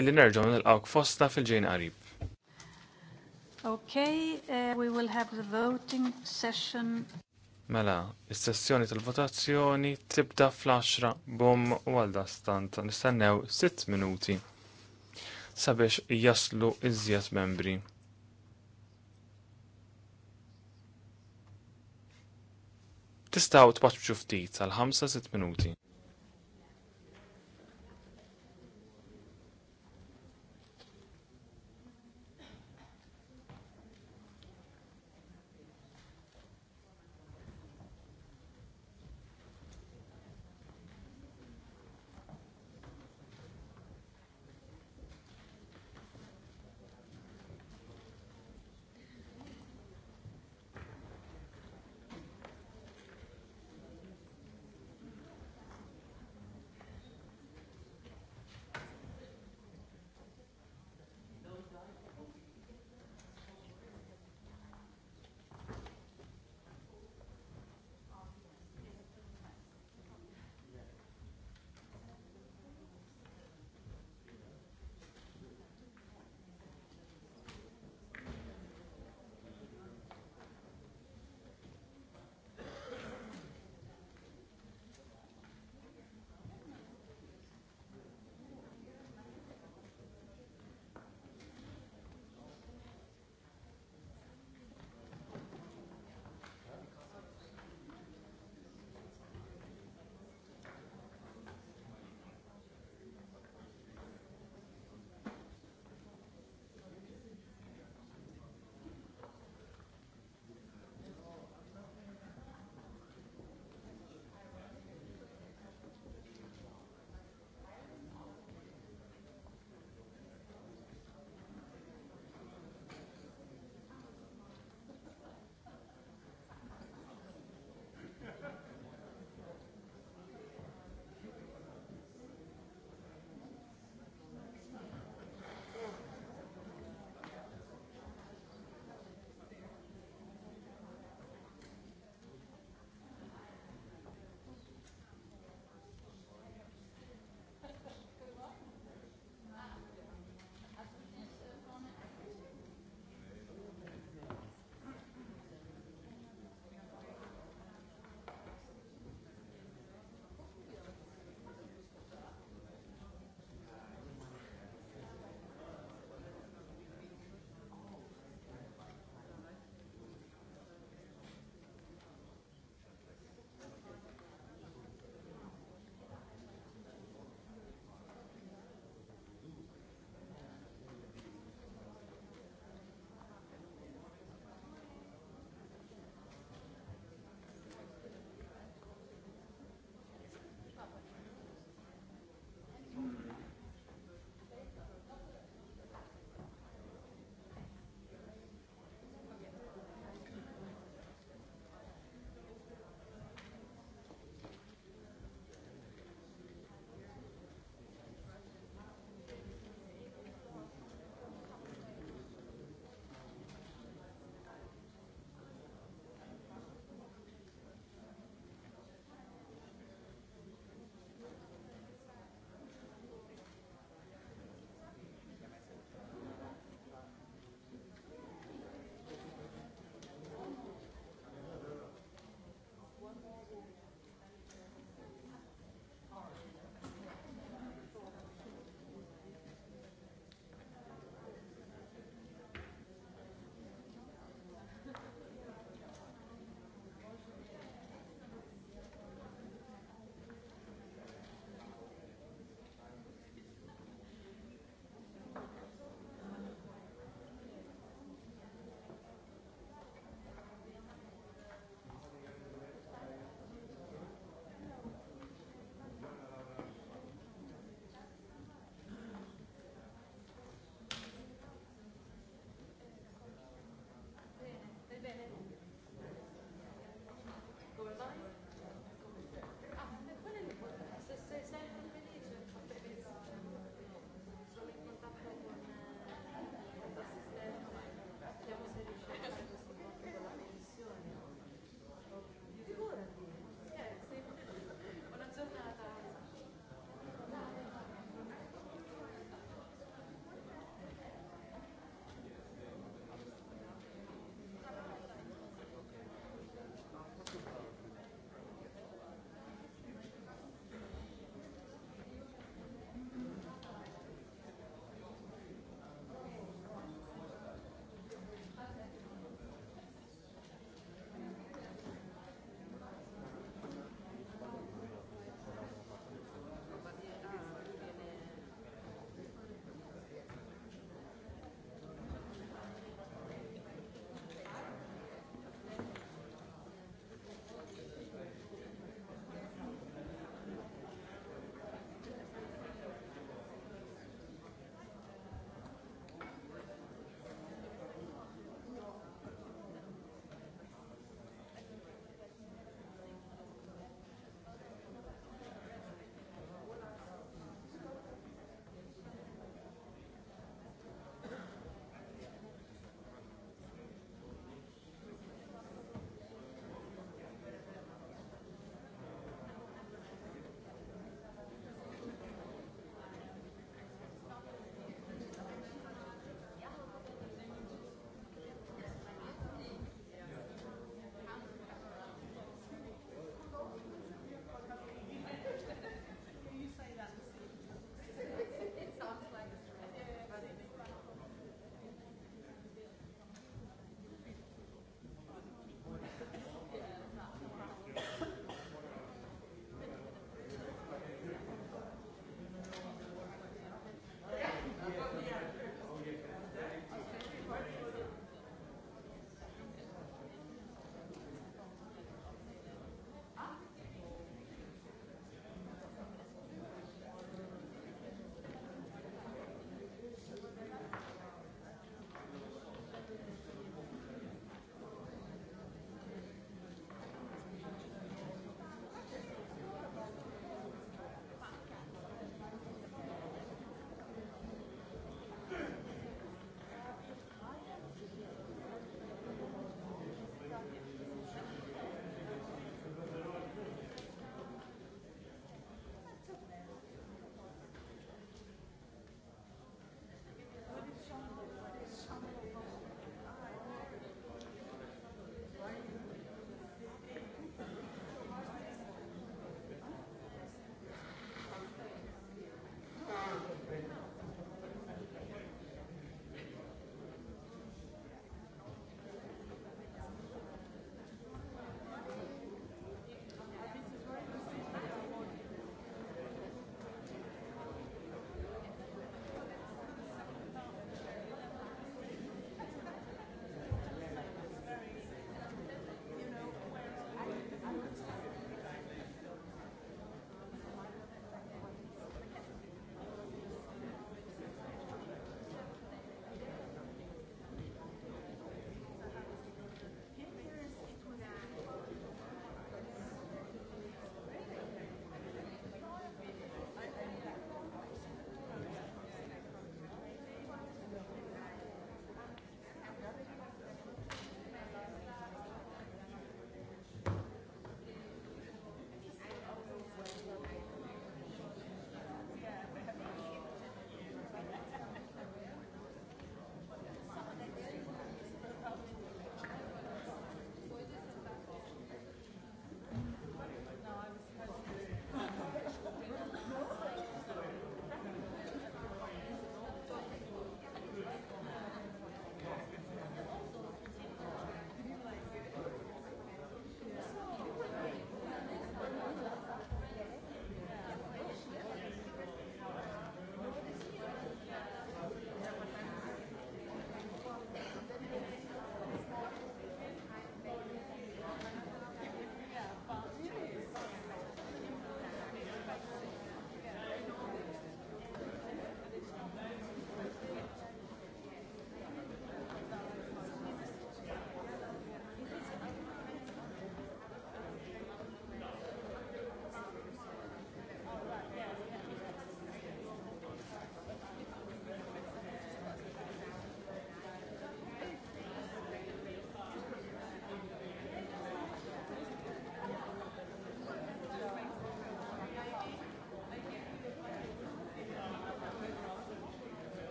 illi nerġgħu nilqgħu fosta fil-ġejn qarib. Okay, uh, we will have the voting session. Mela, is-sessjoni tal-votazzjoni tibda fl-10 bum u għalda stant nistennew 6 minuti sabiex jaslu iżjed membri. tistgħu tbaċċu ftit għal 5-6 minuti.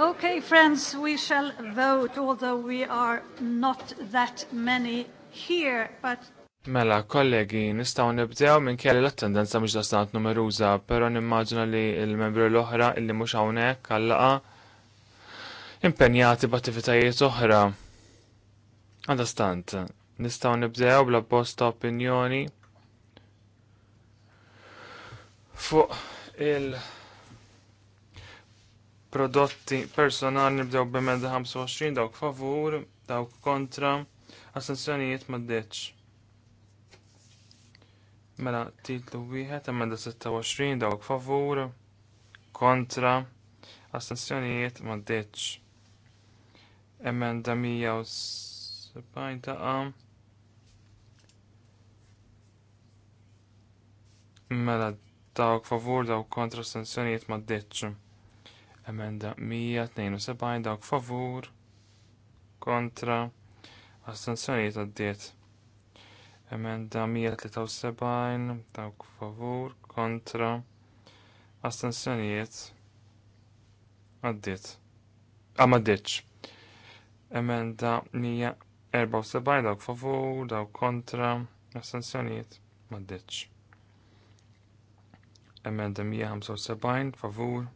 Okay, friends, we shall vote, although we are not that many here, but... Mela, kollegi, nistaw nibdew minn kelli l-attendenza mux dastant numeruza, pero nimmaġna li il-membri l-oħra illi mux hawnhekk għallaqa impenjati b'attivitajiet oħra. Għandastant, nistaw nibdew bla bosta opinjoni fuq il- prodotti personali nibdew b'emenda 25 dawk favur, dawk kontra, d-deċ. Mela titlu wieħed emenda 26 dawk favur, kontra, d-deċ. Emenda 170 taqa' Mela dawk favur dawk kontra sanzjonijiet ma' d-deċ. Emenda 172 dawk favur kontra astensjonijiet diet Emenda 173 dawk favur kontra astensjonijiet għaddiet. Għamaddiċ. Emenda 174 ah, dawk favur, dawk kontra astensjonijiet maddiċ. Emenda 175 favur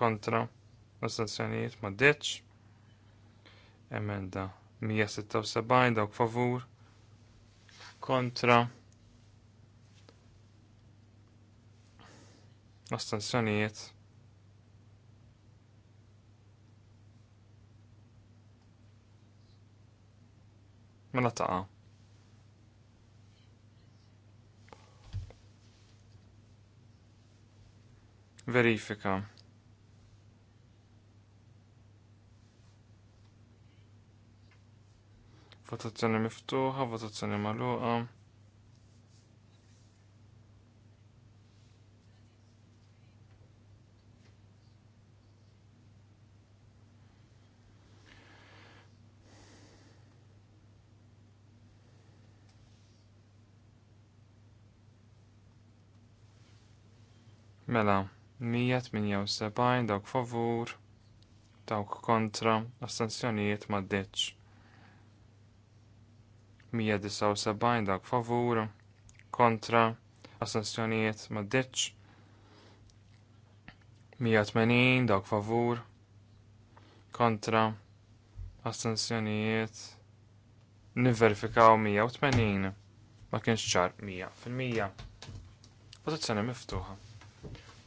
kontra l astensjonijiet ma deċ. Emenda 176 dawk favur kontra l astensjonijiet Mela taqa. Verifika. Votazzjoni miftuħa, votazzjoni magħluqa. Mela, 178 dawk favur, dawk kontra, astensjonijiet ma' deċ. 179 dak favur kontra assenzjonijiet maddeċ 180 dak favur kontra assenzjonijiet niverifikaw 180 ma kienx ċar 100% votazzjoni miftuħa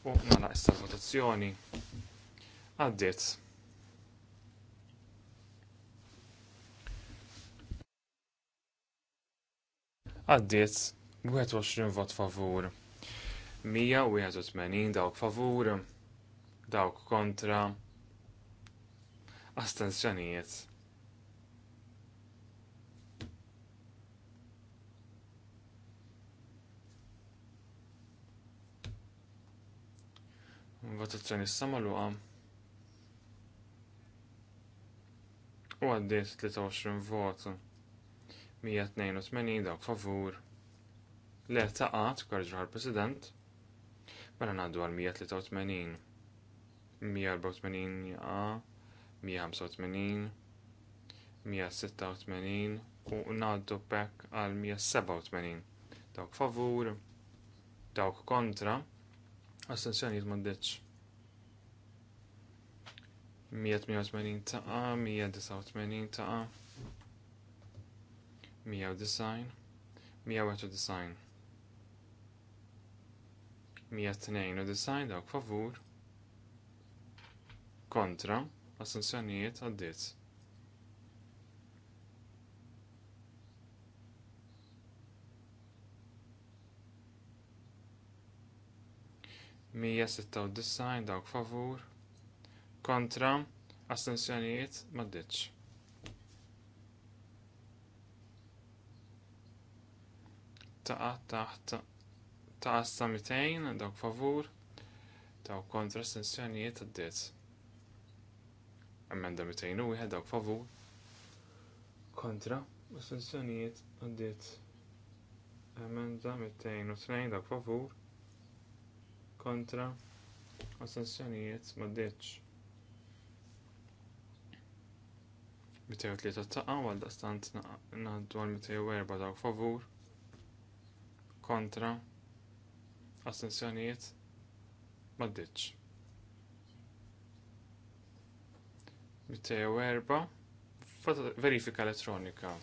u nala issa votazzjoni għaddiet għaddiet 21 vot favur. 181 dawk favur, dawk kontra, astensjonijiet. Votazzjoni s-sama luqa. U għaddiet 23 vot. 182 dawk favur le taqat korġu president mela ngħaddu għal 183 184 ja 185 186 u ngħaddu bekk għal 187 dawk favur dawk kontra astensjonijiet m'għaddiċ 188 taqa, 189 taqa, Miaw design design 190, u design dawk favur, kontra, assenzjonijiet għaddit. Mija sitta dawk favur, kontra, astensjonijiet maddiċ. taqa taħt taqassa 200 dawk favur taw kontra sensjonijiet għaddiet. Emenda 201 dawk favur kontra sensjonijiet għaddiet. Emenda 202 dawk favur kontra sensjonijiet maddiċ. 203 taqa għal daqstant naħdu għal 204 dawk favur kontra astensjonijiet maddiċ. 204 verifika elettronika.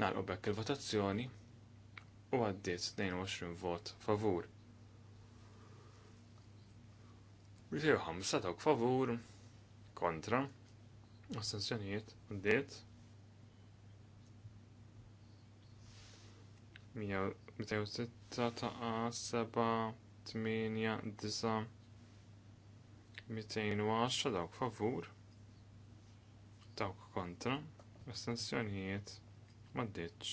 Nalqu bekk il-votazzjoni u għaddiet 22 vot favur. 205 dawk favur, kontra, astensjonijiet, għaddiet 206 taqa 7 8 9 dawk favur dawk kontra estensjonijiet maddiċ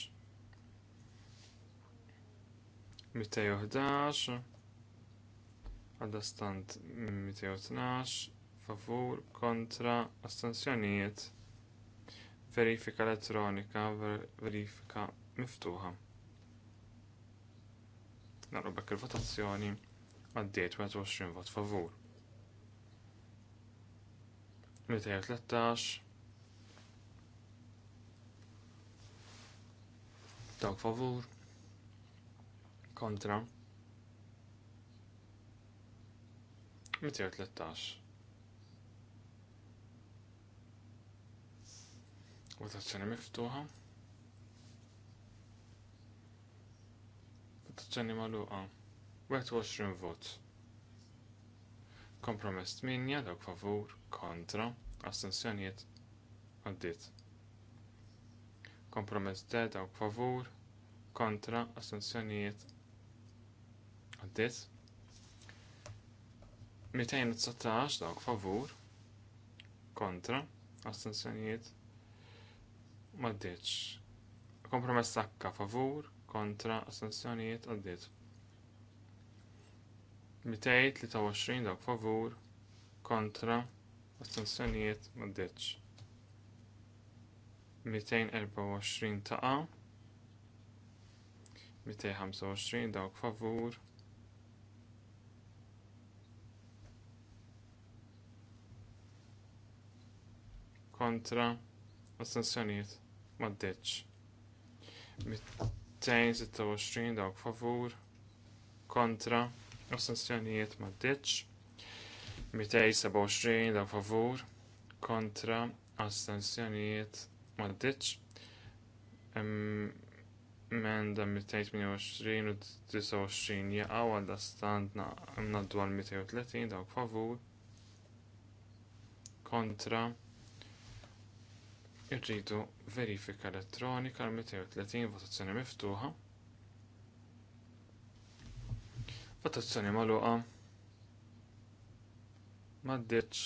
211 għadastant 212 favur kontra astensjonijiet verifika elettronika verifika miftuħa Narru il-votazzjoni għaddiet 21 vot favur. 213 dawk favur kontra 213 votazzjoni miftuħa votazzjoni magħluqa. 21 vot. Kompromess 8 dawk favur kontra astensjoniet, għaddit. Kompromess D dawk favur kontra astensjoniet, għaddit. 219 dawk favur kontra astensjoniet, maddeċ kompromess sakka favur kontra astensjonijiet għaddiet. 223 dak favur kontra astensjonijiet għaddiet. 224 taqa 225 dawk favur kontra astensjonijiet maddeċ. 226 dawk favur kontra astensjonijiet maddiċ 227 dawk favur kontra astensjonijiet maddiċ emenda 228 u 29 jaqaw għal stand għamna dwar 230 dawk favur kontra irridu verifika elettronika l-230 votazzjoni miftuħa. Votazzjoni magħluqa. Maddiċ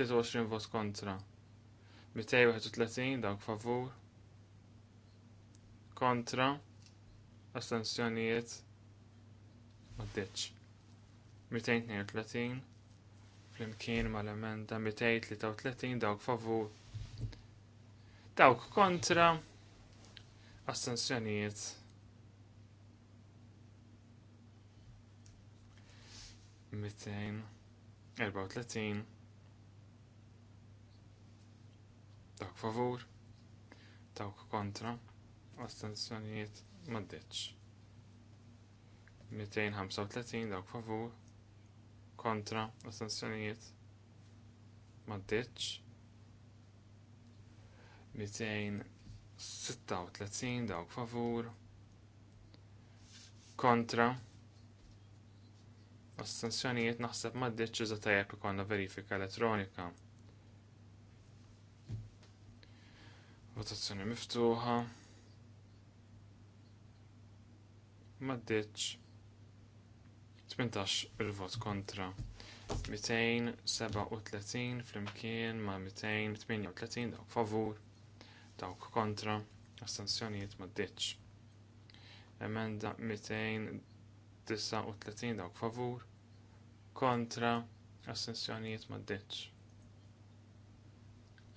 23 vot kontra. 231 dawk favur. Kontra. Astensjonijiet. Maddiċ. 232 flimkien mal-emenda 233 dawk favur dawk kontra astensjonijiet mitejn erba' dawk favur dawk kontra astensjonijiet maddeċ 235 dawk favur kontra astensjonijiet ddeċ 236 dawk favur kontra astensjonijiet naħseb ddeċ iżda tajjeb ikollna verifika elettronika votazzjoni miftuħa ddeċ 18 bil-vot kontra. 237 flimkien ma' 238 dawk favur, dawk kontra, astensjonijiet ma' ditx. Emenda 239 dawk favur, kontra, astensjonijiet ma' ditx.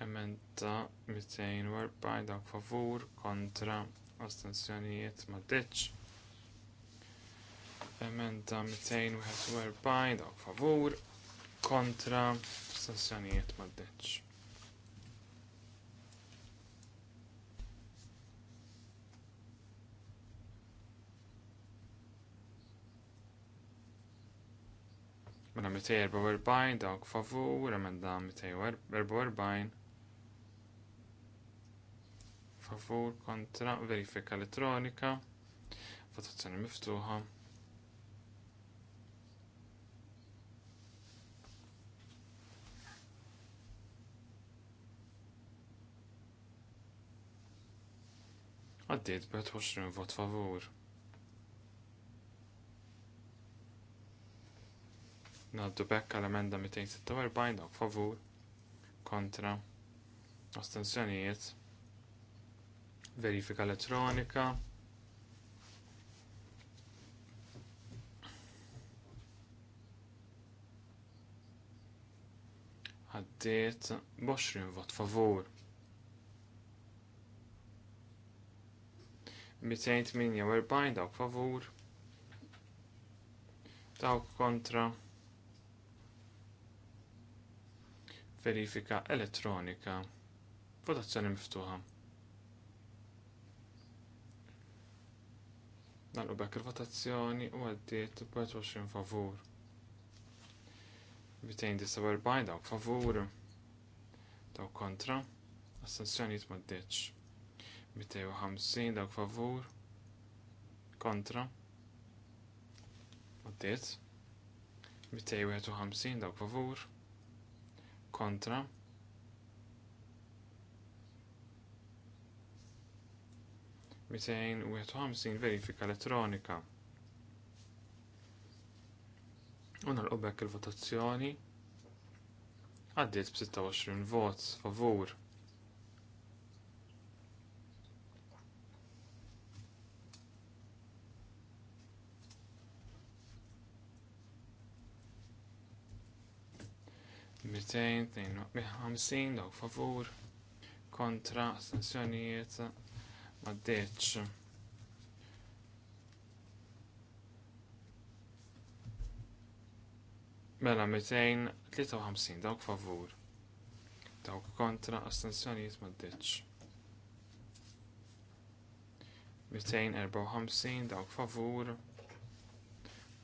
Emenda 204 dawk favur, kontra, astensjonijiet ma' ditx Emenda 241 dawk favur kontra sessjonijiet stazzjonijiet deċ. Mela 244 dawk favur, emenda 244 favur kontra verifika elettronika, votazzjoni miftuħa. Għaddiet b-20 vot favur. Naddu bekk għal-emenda 246 dawk favur kontra astensjonijiet. Verifika elettronika. Għaddiet 20 vot favur. 248 dawk favur dawk kontra verifika elettronika votazzjoni miftuħa nalqu bekk il-votazzjoni u għaddiet 24 favur 249 dawk favur dawk kontra astensjonijiet ma' 250 dak favur kontra għaddiet 251 dak favur kontra Mitejn u verifika elettronika. Unna l-qobbek il-votazzjoni għaddiet b-26 vot favur 252 daw favur kontra astensjonijiet ma deċ. Mela 253 dawk favur dawk kontra astensjonijiet ma deċ. 254 dawk favur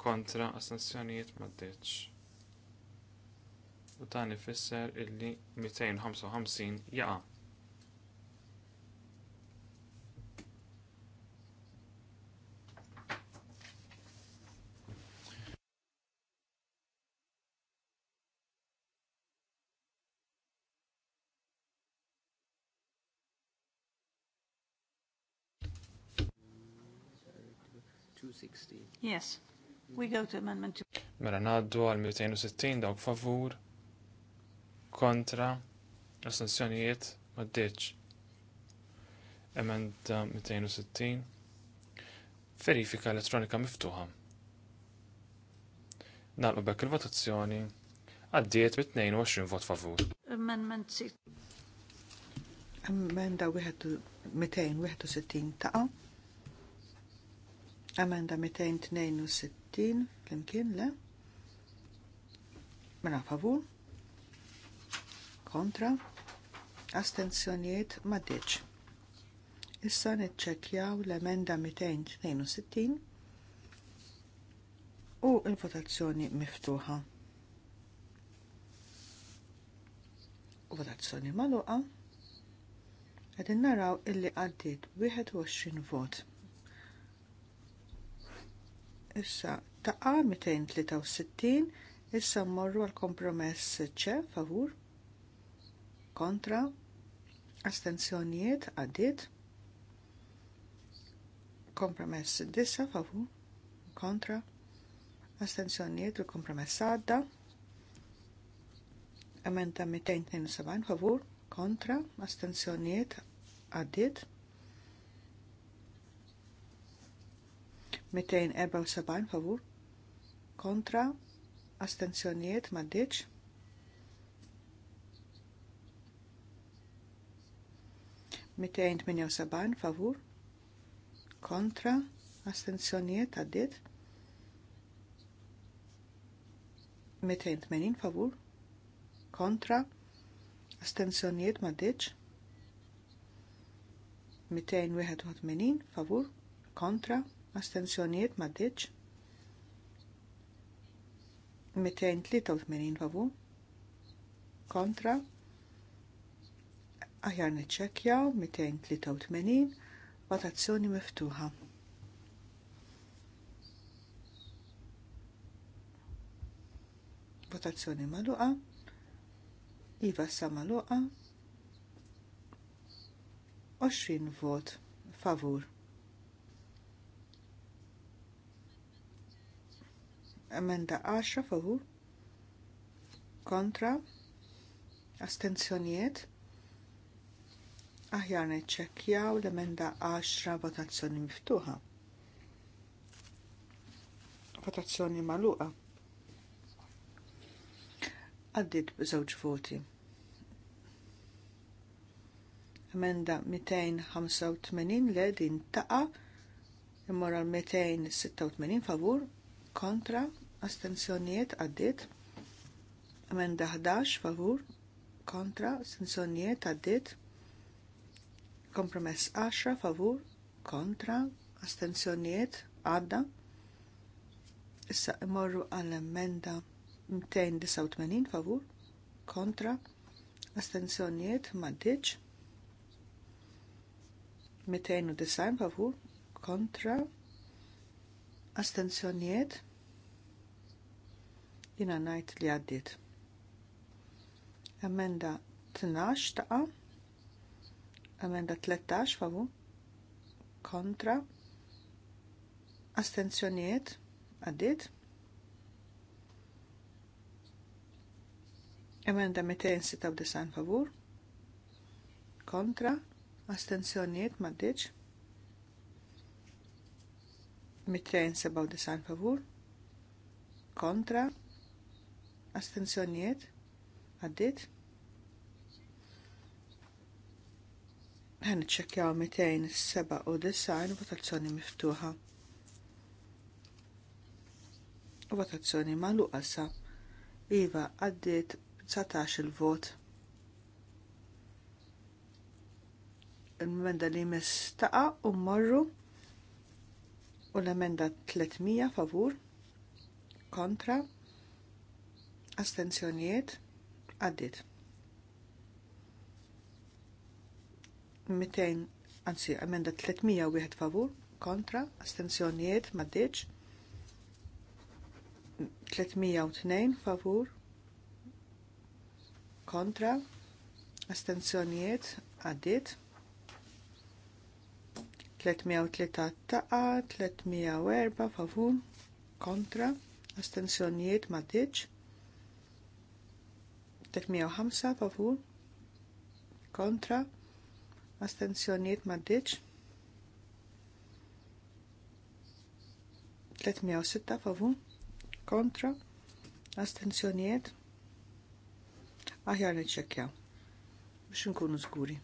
kontra astensjonijiet ma deċ u dan ifisser illi 255 jaqa. Yes, we go to amendment 2. Mela naddu għal 260 dawk favur kontra l-asunijiet d-deċ. Emenda 260 verifika elettronika miftuħa. Nalqu bekk il-votazzjoni għaddiet bit 22 vot favur. Amendment 6. Amenda 261 taqa. Amenda 262 flimkien le. Mela favur kontra astenzjonijiet ma deċ. Issa niċċekjaw l-emenda 262 u il-votazzjoni miftuħa. Votazzjoni maluqa. Għedin naraw illi għaddit 21 vot. Issa taqa 263 issa mmorru għal kompromess ċe favur kontra, astenzjonijiet għaddit, kompromess dissa favu, kontra, astenzjonijiet u kompromess għadda, emenda 272 favur, kontra, astenzjonijiet għaddit, 274 favur, kontra, astenzjonijiet maddiċ, 278 favur kontra astenzjoniet għaddit 280 favur kontra astenzjoniet maddiċ 281 favur kontra astenzjoniet maddiċ 283 favur kontra Aħjar niċċekkjaw 283 votazzjoni miftuħa. Votazzjoni maluqa. Iva sa maluqa. 20 vot favur. Emenda 10 favur. Kontra. Astenzjonijiet aħjar niċċekkjaw l-emenda 10 votazzjoni miftuħa. Votazzjoni magħluqa. Għaddit b'żewġ voti. Emenda 285 le din taqa immorra 286 favur kontra astensjonijiet għaddit. Emenda 11 favur kontra astensjonijiet għaddit. Kompromess 10 favur kontra astenzjonijiet għadda. Issa imorru għall-emenda 289 favur kontra astenzjonijiet maddiċ. 290 favur kontra astenzjonijiet jina najt li għaddit. Emenda 12 taqa' Emenda 13 favu kontra astenzjoniet għaddit. Emenda 296 favur kontra astenzjoniet maddiċ. 297 favur kontra astenzjoniet għaddit. ħan iċċekjaw 297 votazzjoni miftuħa. Votazzjoni maluqasa. Iva għaddiet 19 il-vot. Il-menda li mistaqa u morru u l-emenda 300 favur kontra astenzjonijiet għaddit. 200, anzi, emenda 300 u għed favur, kontra, astenzjonijiet, maddiċ, 302 favur, kontra, astenzjonijiet, għaddit, 303 taqa, 304 favur, kontra, astenzjonijiet, maddiċ, 305 favur, kontra, astenzjoniet maddiċ 306 favu kontra astenzjoniet aħjar neċċekja biex nkunu żguri.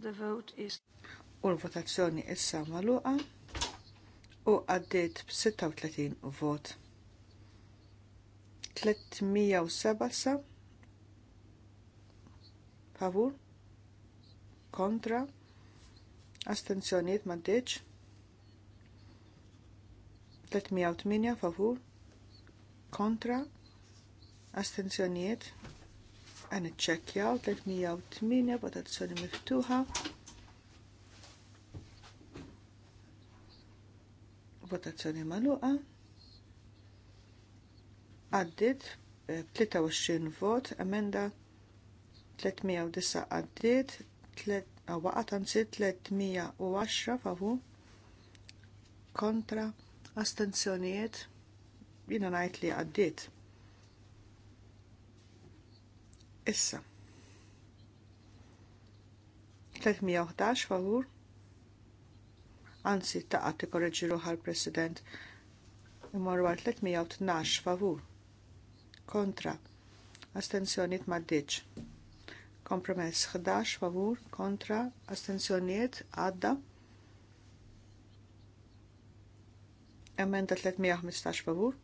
The vote is u l-votazzjoni issa magħluqa u għaddit b-36 vot. 307 sa' favur kontra astenzjoniet maddeċ 308 favur kontra astenzjoniet għan iċċekjaw 308 votazzjoni miftuħa votazzjoni maluqa għaddit 23 eh, vot emenda 309 għaddiet, waqat anzi 310 favu kontra astenzjonijiet jina najt li għaddiet. Issa. 311 favur. Anzi, taqqa għati korreġi ruħal president. Imorru għal 312 favur. Kontra. Astenzjoniet maddiċ. Kompromess 11 favur kontra astensjonijiet għadda. Emenda 315 favur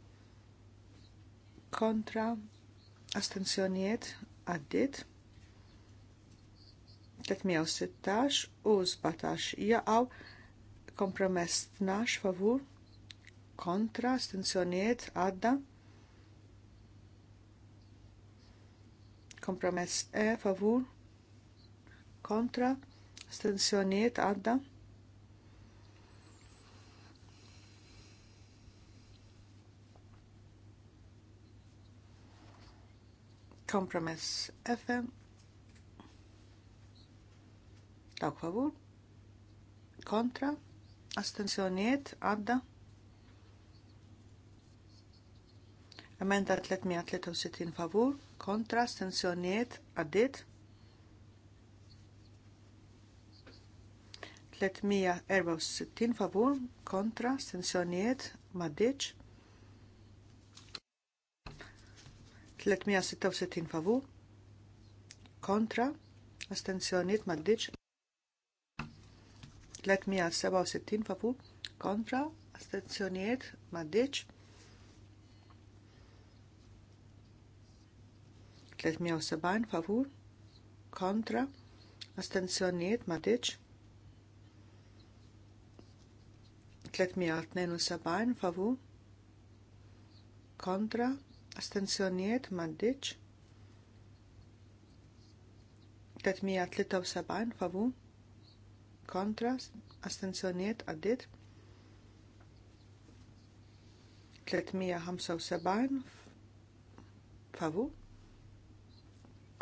kontra astensjonijiet għaddit. 316 u 17 jaqaw kompromess 12 favur kontra astensjonijiet għadda. Kompromess E favur kontra astensjonijiet għadda. Kompromess F dawk favur kontra astensjonijiet għadda. Emenda 363 favur kontra stenzjoniet għaddit 364 favur kontra stenzjoniet maddiċ 366 favur kontra astenzjoniet maddiċ 367 favur kontra astenzjoniet maddiċ 370 favur kontra astenzjoniet ma diċ 372 favur kontra astenzjoniet ma diċ 373 favur kontra astenzjoniet għaddit 375 favur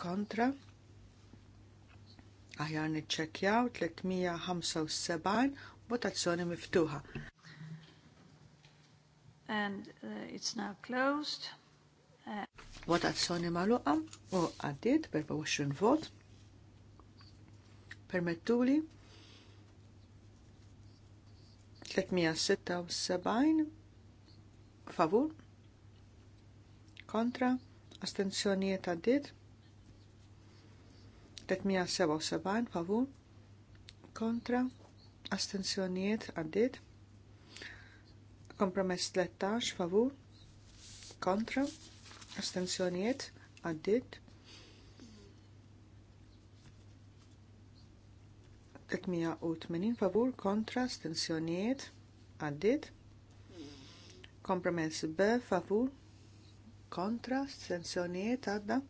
kontra aħjar niċċekjaw 375 votazzjoni miftuħa. And uh, it's now closed. Uh, votazzjoni maluqa u għaddiet per 20 vot. Permettuli 376 favur kontra astenzjonijiet għaddiet 375 377 favur kontra astensjonijiet għaddit kompromess 13 favur kontra astensjonijiet għaddit 380 favur kontra astensjonijiet għaddit kompromess B favur kontra astensjonijiet għadda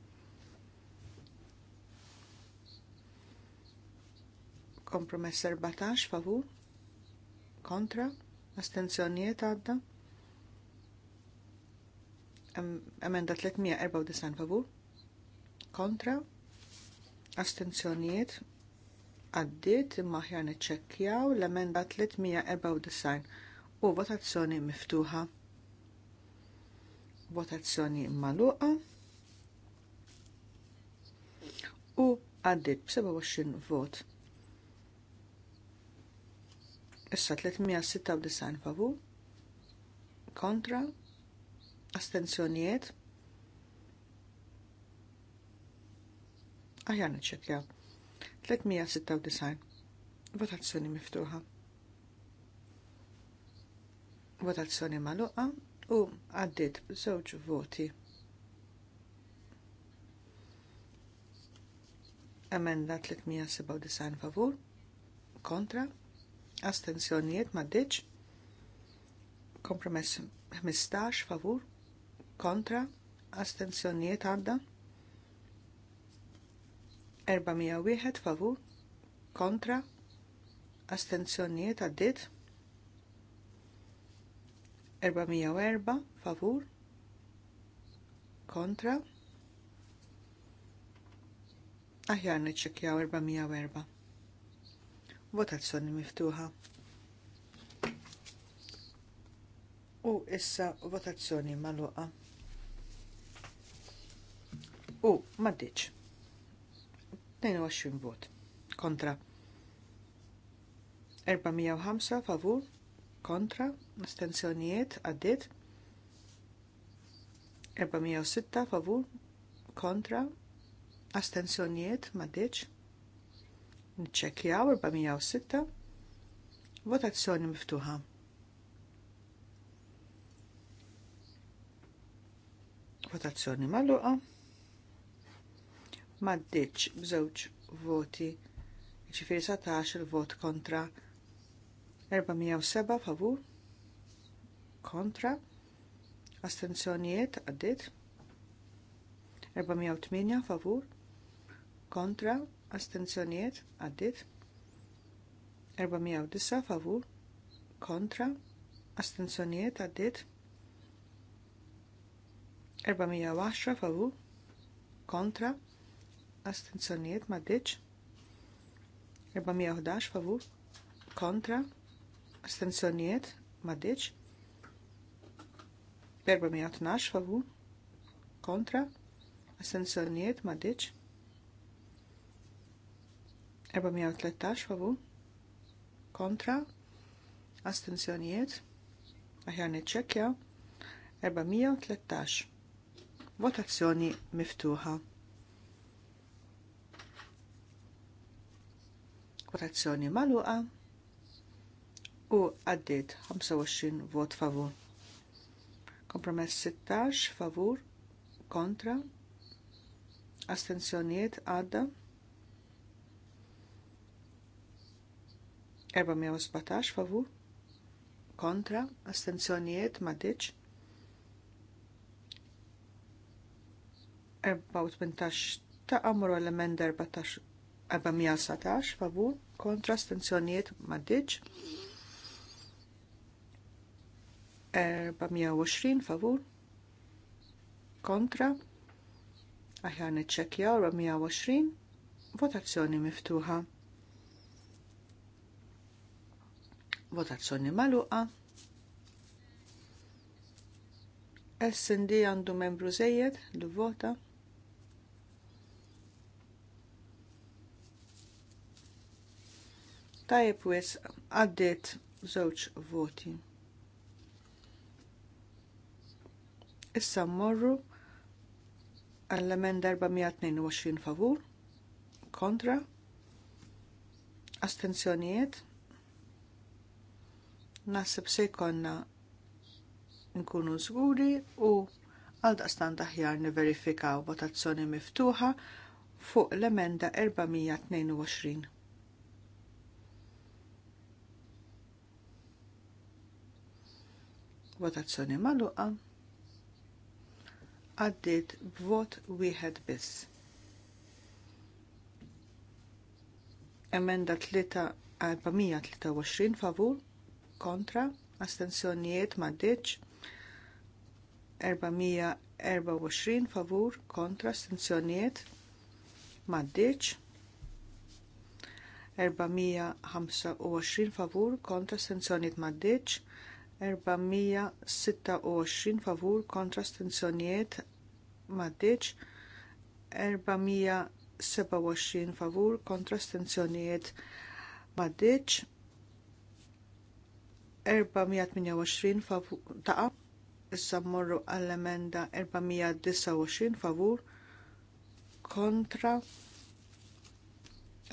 Kompromess 14 favur kontra astenzjonijiet għadda. Emenda 394 favur kontra astenzjonijiet għaddit imma ħjar niċċekkjaw l-emenda 394 u votazzjoni miftuħa. Votazzjoni maluqa? u għaddit b'27 vot. Issa 396 favur kontra astenzjonijiet Aħjan niċċekkja. 396 votazzjoni miftuħa. Votazzjoni maluqa u għaddit b'żewġ voti. Emenda 397 favur kontra astenzjonijiet maddiċ, kompromess 15 favur, kontra, astenzjonijiet għadda, 401 favur, kontra, astenzjonijiet għaddit, 404 favur, kontra, aħjar niċċekjaw 404. Votazzjoni miftuħa. U issa votazzjoni maluqa. U maddiċ. 22 vot. Kontra. 405 favur. Kontra. Astenzjonijiet għaddit. 406 favur. Kontra. Astenzjonijiet maddiċ. Nċekjaw 406. Votazzjoni miftuħa. Votazzjoni magħluqa. Maddiċ b'żewġ voti. Ġifieri satax il-vot kontra 407 favur kontra astenzjonijiet għaddit 408 favur kontra astenzjoniet għaddit 409 favur kontra astenzjoniet għaddit 410 favur kontra astenzjoniet maddiċ 411 favur kontra astenzjoniet maddiċ 412 favur kontra astenzjoniet maddiċ 412 413 favu? kontra astenzjonijiet aħjar niċċekkja 413 votazzjoni miftuħa votazzjoni maluqa u għaddit 25 vot favur kompromess 16 favur kontra astenzjonijiet għadda 417 favur kontra astenzjonijiet maddiċ 418 ta' amru l-emenda 417 favur kontra astenzjonijiet maddiċ 420 favur kontra aħjar niċċekkjaw 420 votazzjoni miftuħa. Votazzjoni maluqa. SND għandu membru zejjed li vota. Tajib wis għaddit żewġ voti. Issa morru għall emend 422 favur, kontra, astenzjonijiet, nasib se jkonna nkunu żguri u għal daqstan taħjar niverifikaw votazzjoni miftuħa fuq l-emenda 422. Votazzjoni magħluqa għaddit b'vot wieħed biss. Emenda 3 423 favur kontra, astensjonijiet maddiċ, 424 favur kontra astensjonijiet maddiċ, 425 favur kontra astensjonijiet maddiċ, 426 favur kontra astensjonijiet maddiċ, 427 favur kontra astensjonijiet maddiċ, 428 favur taqa. Issa mmorru għall-emenda 429 favur kontra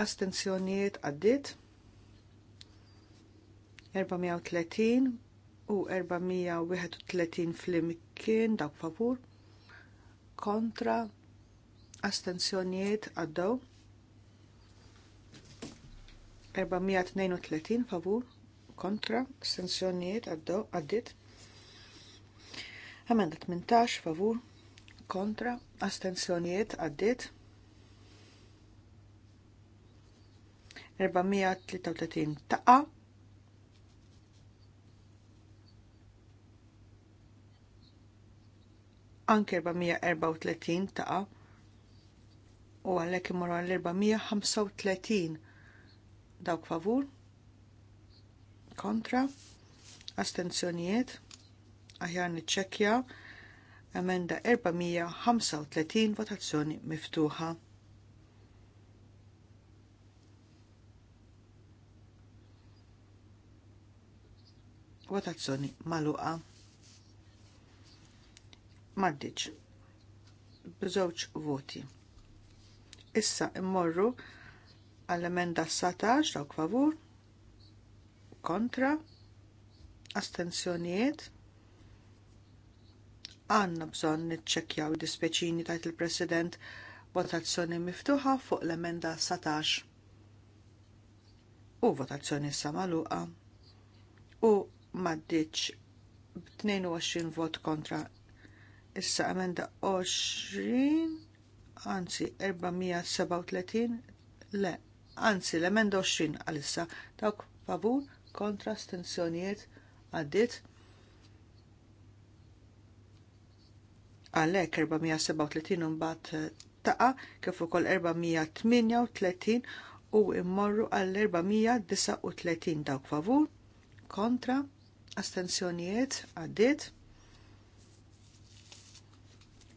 astenzjonijiet għaddit 430 u 431 flimkien dak favur kontra astenzjonijiet għaddew 432 favur kontra astensjonijiet għaddit. Emenda 18 favur kontra astensjonijiet għaddit. 433 taqa. Anke 434 taqa. U għallek imorru għall-435 dawk favur kontra, astenzjonijiet, aħjar niċċekkja emenda 435 votazzjoni miftuħa. Votazzjoni maluqa. Maddiċ. Bżewġ voti. Issa immorru għall-emenda 19 dawk favur kontra, astenzjonijiet, għanna bżon nitċekjaw dispeċini tajt il-President votazzjoni miftuħa fuq l-emenda 17 u votazzjoni samaluqa u maddiċ b-22 vot kontra issa emenda 20 anzi 437 le anzi l-emenda 20 għalissa dawk favur kontra stenzjonijiet għaddit għalek 437 mbagħad taqa kif ukoll 438 u immorru għall 439 dawk favur kontra astensjonijiet għaddit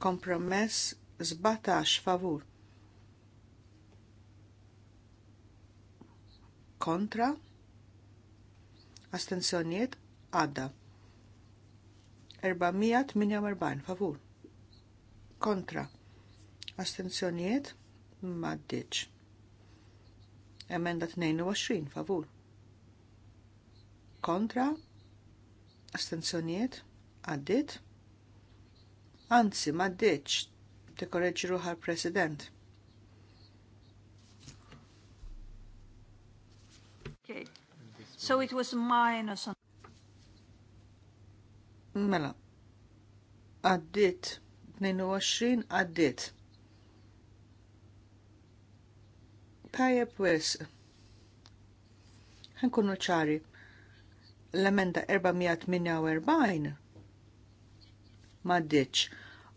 kompromess 17 favur kontra astenzjonijiet għadda. 448 favur kontra astenzjonijiet maddiċ. Emenda 22 favur kontra astenzjonijiet għaddit. Anzi, maddiċ, tekorreġi ruħal president. Okay. So it was minus on... Mela, għaddit, 22 għaddit. Tajab wes, ħankunu ċari, l-emenda 448 ma ddiċ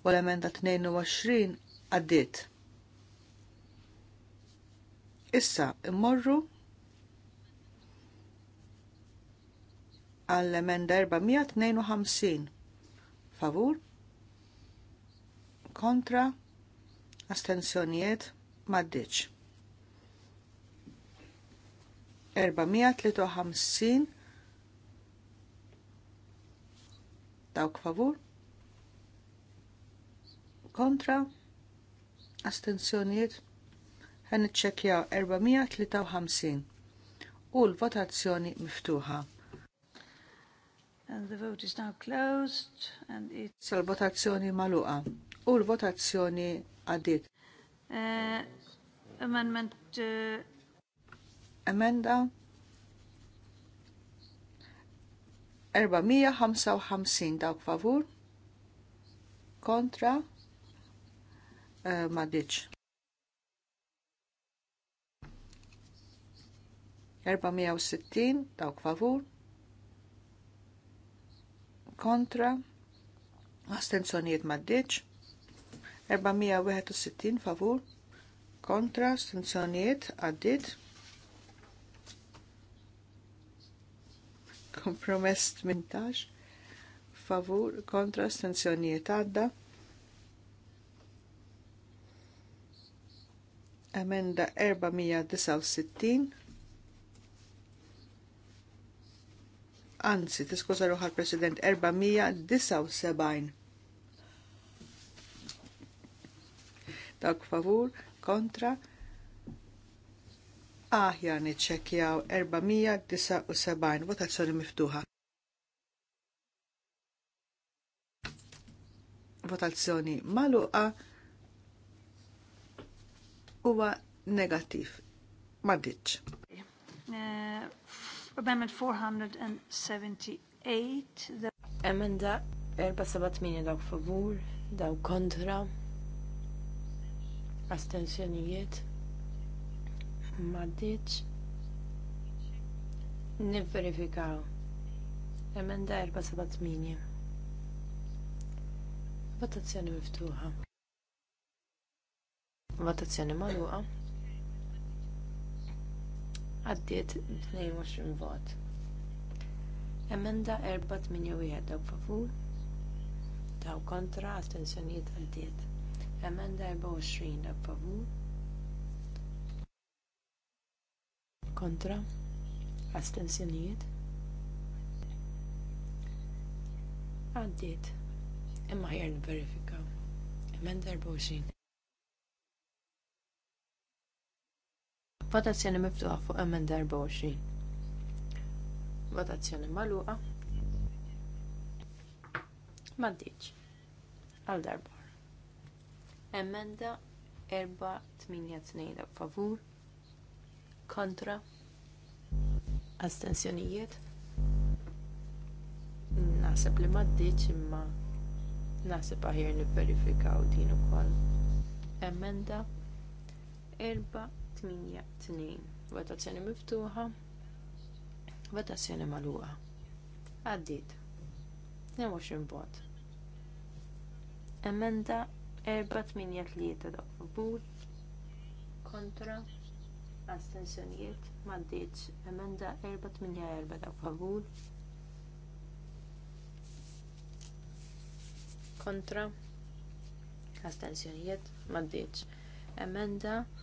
u l-emenda 22 għaddit. Issa, immorru għall-emenda 452. Favur? Kontra? Astensjonijiet? Maddiċ. 453 dawk favur kontra astenzjonijiet Ħen iċċekkjaw 453 u l-votazzjoni miftuħa. And the vote is now closed. And it's Sal-votazzjoni maluqa. U l-votazzjoni għaddit. Uh, amendment... Uh... Amenda 455 dawk favur kontra uh, madiċ. 460 dawk favur kontra astenzjoniet maddiċ 461 favur kontra astenzjoniet għaddit kompromess 18 favur kontra astenzjoniet għadda emenda 469 anzi, tiskuza ruħal President 479. Dawk favur, kontra, aħjar niċċekkjaw 479 votazzjoni miftuħa. Votazzjoni maluqa huwa negattiv. Ma ditx. Eh, Amendment 478. The... Emenda 478 dawk favur, dawk kontra, astensjonijiet, maddiċ, nivverifikaw. Emenda 478. Votazzjoni miftuħa. Votazzjoni maluqa għaddiet 22 vot. Emenda 481 daw favur, daw kontra astensjonijiet għaddiet. Emenda 24 daw favur, kontra astensjonijiet għaddiet. Imma jern verifikaw. Emenda 24. Votazzjoni miftuħa fuq emenda 24. Votazzjoni magħluqa. Maddiċ. Għal darba. Emenda 482 favur. Kontra. Astensjonijiet. Nasib li maddiċ imma nasib naħseb aħjar nivverifikaw din ukoll. Emenda 4 8-2. Votazzjoni miftuħa. Votazzjoni magħluqa. Għaddit. 22 vot. Emenda 483 favur. Kontra. Astensjonijiet. Maddiċ. Emenda 4-8-4 dak favur. Kontra. Astensjonijiet. Maddiċ. Emenda 484 8 4 dak favur kontra astensjonijiet maddiċ emenda 4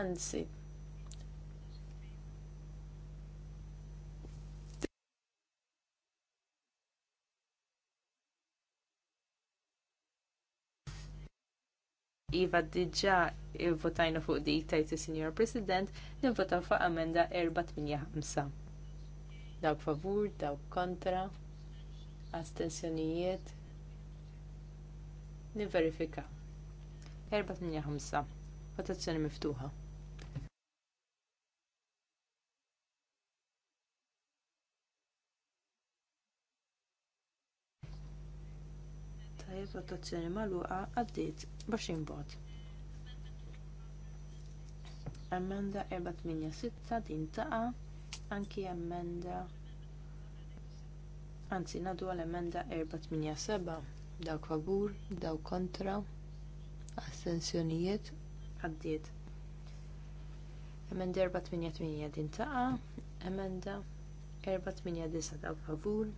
Anzi, Iva diġa votajna fuq di tajt il-Sinjor President, nivvota fuq amenda msa. Dawk favur, dawk kontra, astensjonijiet, niverifika. 485. Votazzjoni miftuħa. votazzjoni magħluqa għaddit b'għoxrin vot. Emenda 486 din taqa anki emenda anzi nadu għal emenda 487 daw favur, daw kontra astensjonijiet għaddiet. Emenda 488 din taqa, emenda 489 ta' favur,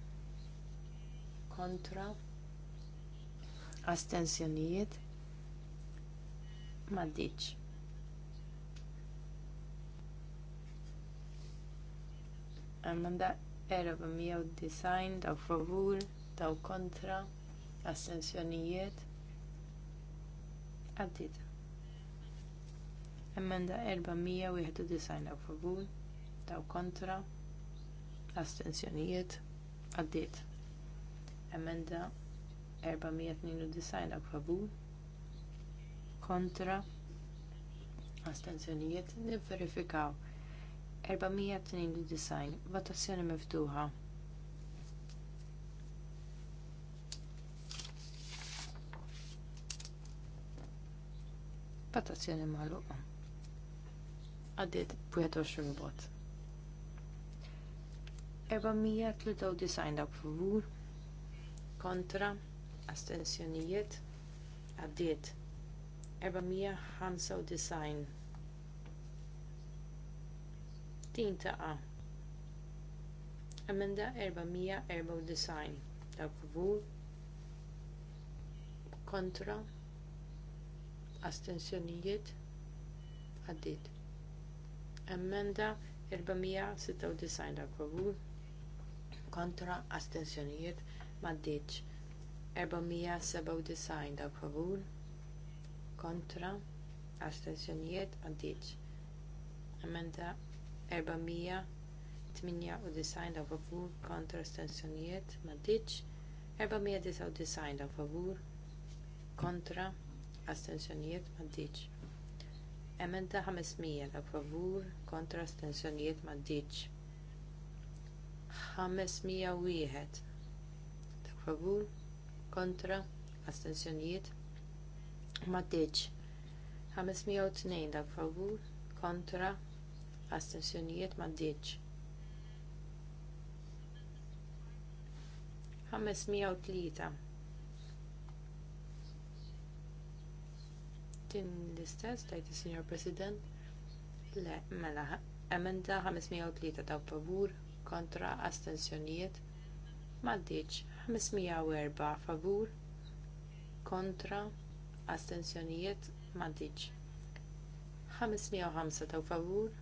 kontra, astensjonijiet, maddiċ. Emenda 490 ta' favur, ta' kontra, astensjonijiet, Għaddit. Emmenda 491 daw favur, daw kontra, astensjonijiet, għaddit. Emmenda 492 daw favur, kontra, astensjonijiet, verifikaw. 492 votazzjoni miftuħa. Votazzjoni magħluqa. Għaddiet b'21 vot. disajn dak favur kontra astensjonijiet għaddiet 495 din taqa u disajn dak favur kontra astensjonijiet għaddit. Emenda 496 dak favur kontra astensjonijiet maddiċ. 497 dak favur kontra astensjonijiet għaddiċ. Emenda 498 dak favur kontra astensjonijiet maddiċ. 499 dak favur kontra astensjonijiet maddiċ. Emenda 500 dak favur kontra astensjonijiet maddiċ. 501 dak favur kontra astensjonijiet maddiċ. 502 dak favur kontra astensjonijiet maddiċ. 503 kien l-istess tajt il-Sinjor President le mela emenda 503 ta' favur kontra astensjonijiet maddiċ 504 favur kontra astensjonijiet maddiċ 505 ta' favur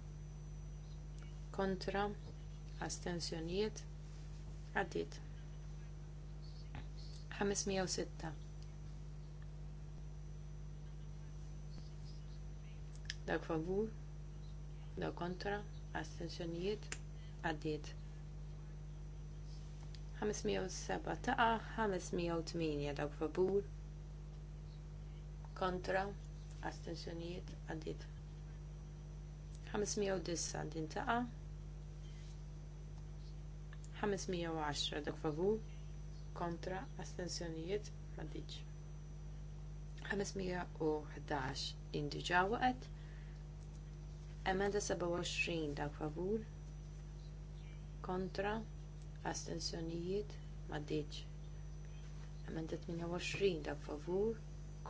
kontra astensjonijiet għaddit 506 Dak favur, dak kontra, astensjonijiet, għaddiet. 507 taqa, 508 dak favur, kontra, astensjonijiet, għaddiet. 509 din taqa, 510 dak favur, kontra astensjonijiet ma diġ. 511 indi ġawaqet, Emenda 27 dak favur kontra astensjonijiet maddiċ. Emenda 28 dak favur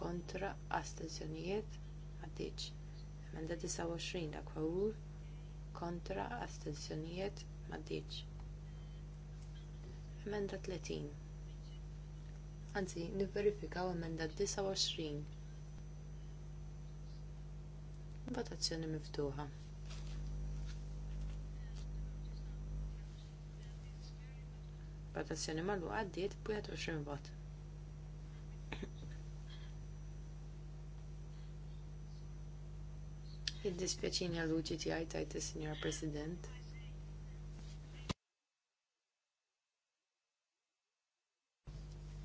kontra astensjonijiet maddiċ. Emenda 29 dak favur kontra astensjonijiet maddiċ. Emenda 30 Anzi, nivverifikaw emenda 29 Votazzjoni miftuħa. Votazzjoni mal-lu għaddiet 21 vot. [COUGHS] Id-dispjaċini għal-uġi tiegħi tajt is-Sinjor President.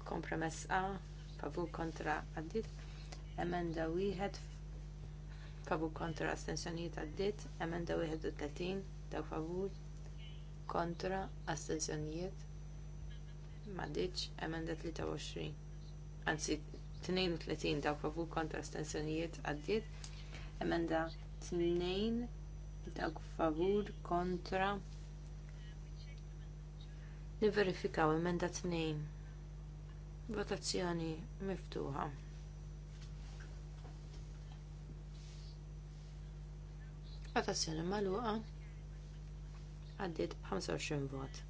Kompromess A, favur kontra għaddit, emenda wieħed favur kontra astensjonijiet għaddit, emenda 31 daw favur kontra astensjonijiet maddiċ, emenda 23. Anzi, 32 daw favur kontra astensjonijiet għaddit, emenda 2 daw favur kontra Niverifikaw emenda 2. Votazzjoni miftuħa. Votazzjoni maluqa għaddit 25 vot.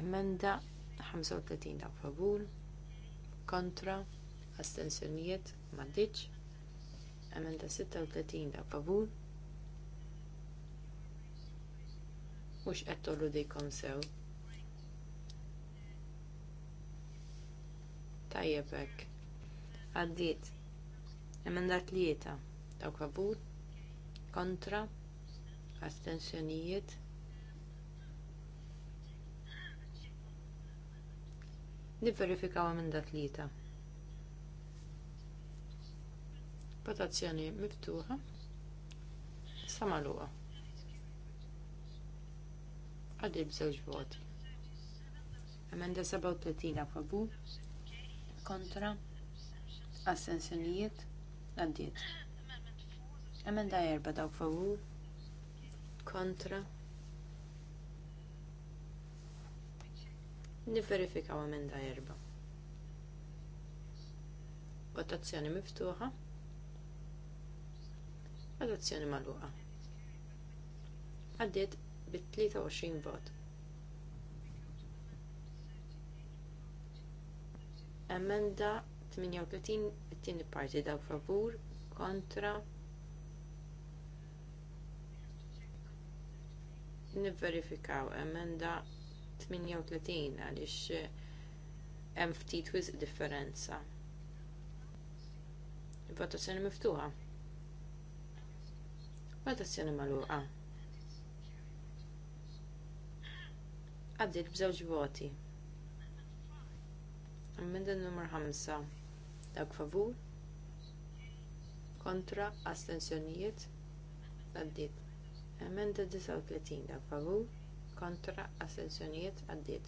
Emenda 35 ta' favur, kontra, astensjonijiet, maddiċ. Emenda 36 ta' favur. Mux għettollu dejkom sew. Tajjebek. Għaddit. Emenda tlieta ta' kabut kontra astensjonijiet Niverifikaw minn dat li ta' votazzjoni miftuħa samaluqa Għaddi bżewġ voti emenda 37 favu kontra assenzjonijiet għaddiet Emenda erba dawk favur kontra. emen emenda erba. Votazzjoni miftuħa. Votazzjoni magħluqa. Għaddiet bit-23 vot. Emenda 38 it-tieni parti dawk favur kontra nivverifikaw emenda 38 għaliex eh, hemm ftit wisq differenza. Votazzjoni miftuħa. Votazzjoni magħluqa. Għaddiet b'żewġ voti. Emenda numru 5. Dak favur. Kontra astensjonijiet. Għaddiet. Emenda 39 dawk favur kontra astensjonijiet għaddiet.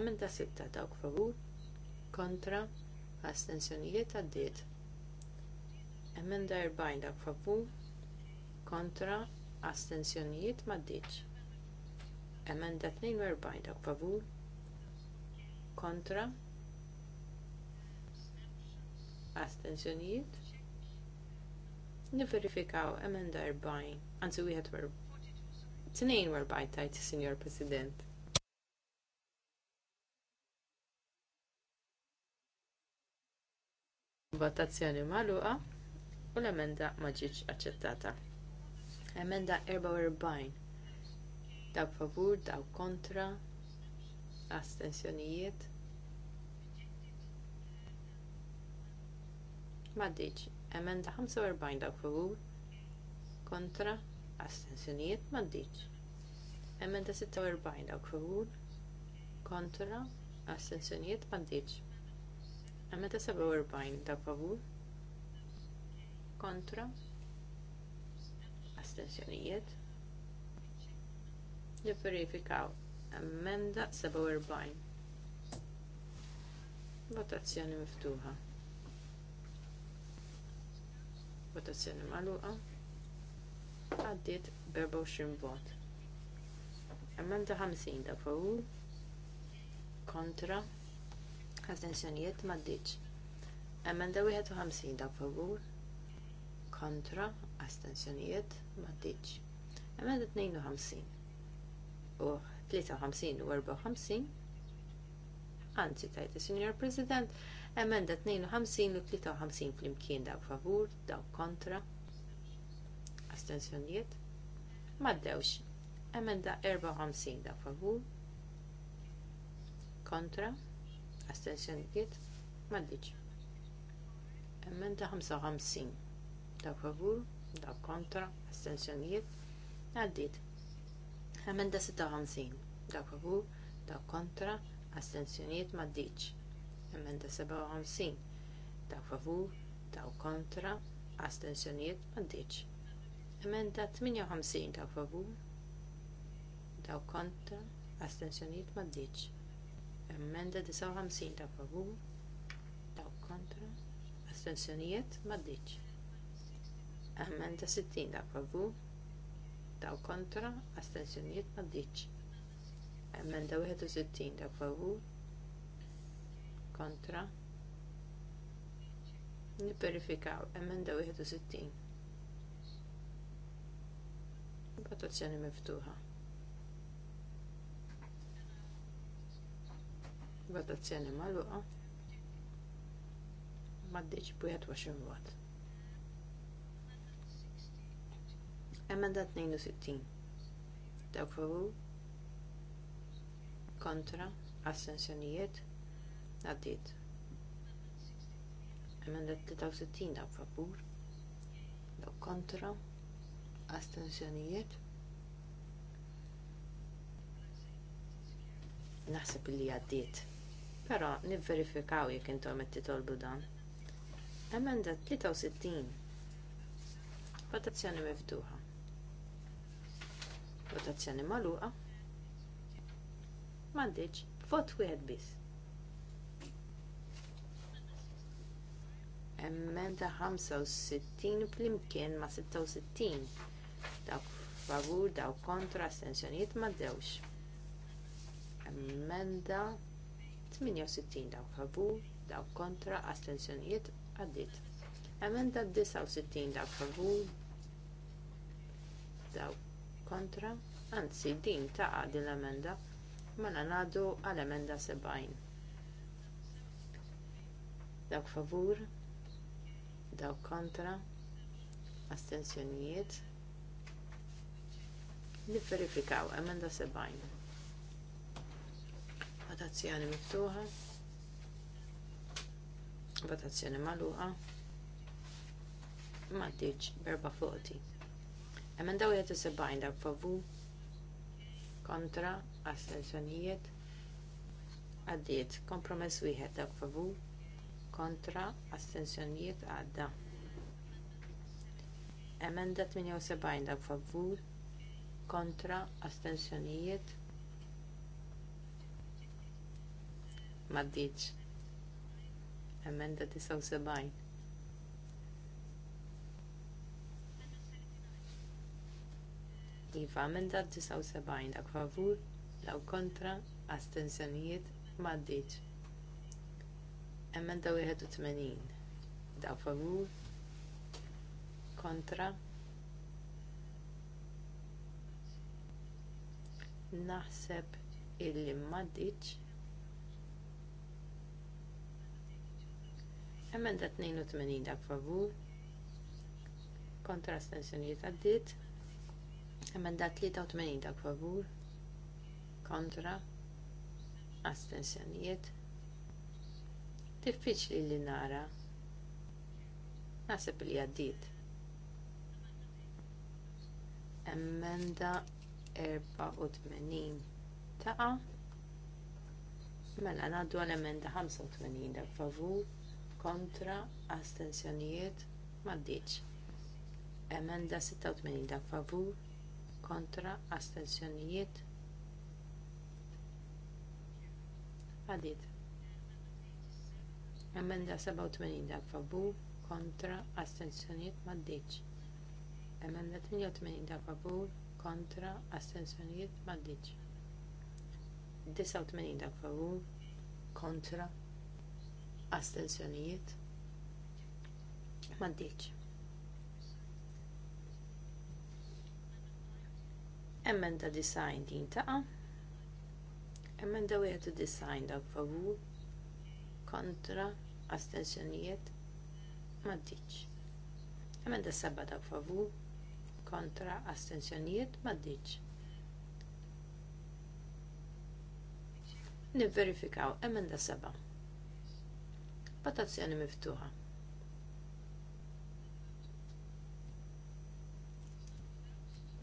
Emenda 6 dawk favur kontra astensjonijiet għaddiet. Emenda 40 dawk favur kontra astensjonijiet maddiċ. Emenda 42 dawk favur kontra astensjonijiet Niverifikaw emenda 40, anzi wieħed war 42 tajt is-Sinjor President. Votazzjoni magħluqa u l-emenda ma ġietx aċċettata. Emenda 44. Dawk favur, dawk kontra, astensjonijiet. Ma ġietx Emenda 45 dawk favur kontra astensjonijiet maddiċ. Emenda 46 dawk favur kontra astensjonijiet maddiċ. Emenda 47 dawk favur kontra astensjonijiet Nifverifikaw emenda 47. Votazzjoni miftuħa. votazzjoni magħluqa għaddiet 24 vot. Emenda 50 da favur kontra astensjonijiet m'għaddiċ. Emenda 51 da favur kontra astensjonijiet m'għaddiċ. Emenda 52 u 53 u 54 Anzi, tajt, Signor President, Emenda 52 u 53 flimkien dawk favur, dawk kontra. Astenzjonijiet. Maddewx. Emenda 54 dawk favur. Kontra. Astenzjonijiet. Maddiċ. Emenda 55 dawk favur, dawk kontra. Astenzjonijiet. Għaddit. Emenda 56 dawk favur, dawk kontra. Astenzjonijiet. Maddiċ. Emenda 57. Daw favur, daw kontra, astensjonijiet maddiċ. Emenda 58. Daw favur, daw kontra, astensjonijiet maddiċ. Emenda 59. Daw favur, daw kontra, astensjonijiet maddiċ. Emenda 60. Daw favur, daw kontra, astensjonijiet maddiċ. Emenda 61. Daw favur, kontra nipperifikaw emenda 61 votazzjoni miftuħa votazzjoni magħluqa m'għaddiex 21 vot. Emenda 62. Dawk favur kontra assenzjonijiet Għaddit. Emenda 63 da' favur. da' kontra. astensjonijiet. Naħseb li għaddit. Però nivverifikaw jek intom għamet titolbu dan. Emenda 63. Votazzjoni miftuħa. Votazzjoni maluqa. Mandiċ, vot wieħed biss. Emenda 65 flimkien ma' 66. Dawk favur, dawk kontra, astensjonijiet ma' dewx. Emenda 68 dawk favur, dawk kontra, astensjonijiet għaddit. Emenda 69 dawk favur, dawk kontra, anzi din ta' din l-emenda mela ngħadu għall emenda 70. Dawk favur, daw kontra astensjonijiet nifverifikaw emenda 70 votazzjoni miftuħa votazzjoni magħluqa ma ddiċ berba foti. emenda 71 daw favur kontra astensjonijiet għaddiet kompromess wieħed dak favur kontra astensjonijiet għadda. Emenda 78 dak favur kontra astensjonijiet maddiċ. Emenda 79. Iva, emenda 79 dak favur law kontra astensjonijiet maddiċ. Emenda 81. Da favur. Kontra. Naħseb illi maddiċ. Emenda 82 da favur. Kontra astensjonijiet għaddit. Emenda 83 da favur. Kontra astensjoniet diffiċli li nara. Nasib li għaddit. Emenda 84 taqa. Mela ngħaddu għal emenda 85 da' favur kontra astensjonijiet maddiċ. Emenda 86 da' favur kontra astensjonijiet maddiċ. Emenda 87 dak favur kontra astensjonijiet maddiċ. Emenda 88 dak favur kontra astensjonijiet maddiċ. 89 dak favur kontra astensjonijiet maddiċ. Emenda design din taqa. Emenda wieħed design dak favur kontra astensjonijiet ddiċ. Emenda seba dak favu kontra astensjonijiet ddiċ. Nivverifikaw emenda seba. Votazzjoni miftuħa.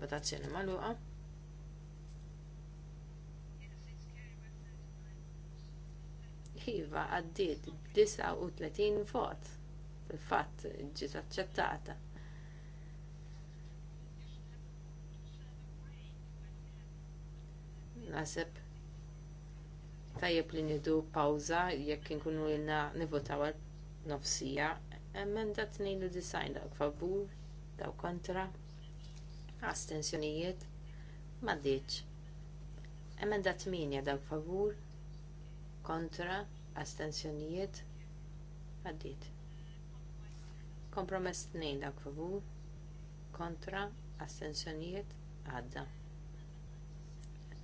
Votazzjoni magħluqa. Iva għaddiet 39 vot fil-fatt ġiet aċċettata. Naseb tajjeb li nidu pawza jekk inkunu jilna nivotaw għal nofsija emenda 92 dawk favur, daw kontra, astensjonijiet, maddiċ. Emenda 8 dawk favur, kontra, astensjonijiet għaddit. Kompromess 2 dak favur kontra astensjonijiet għadda.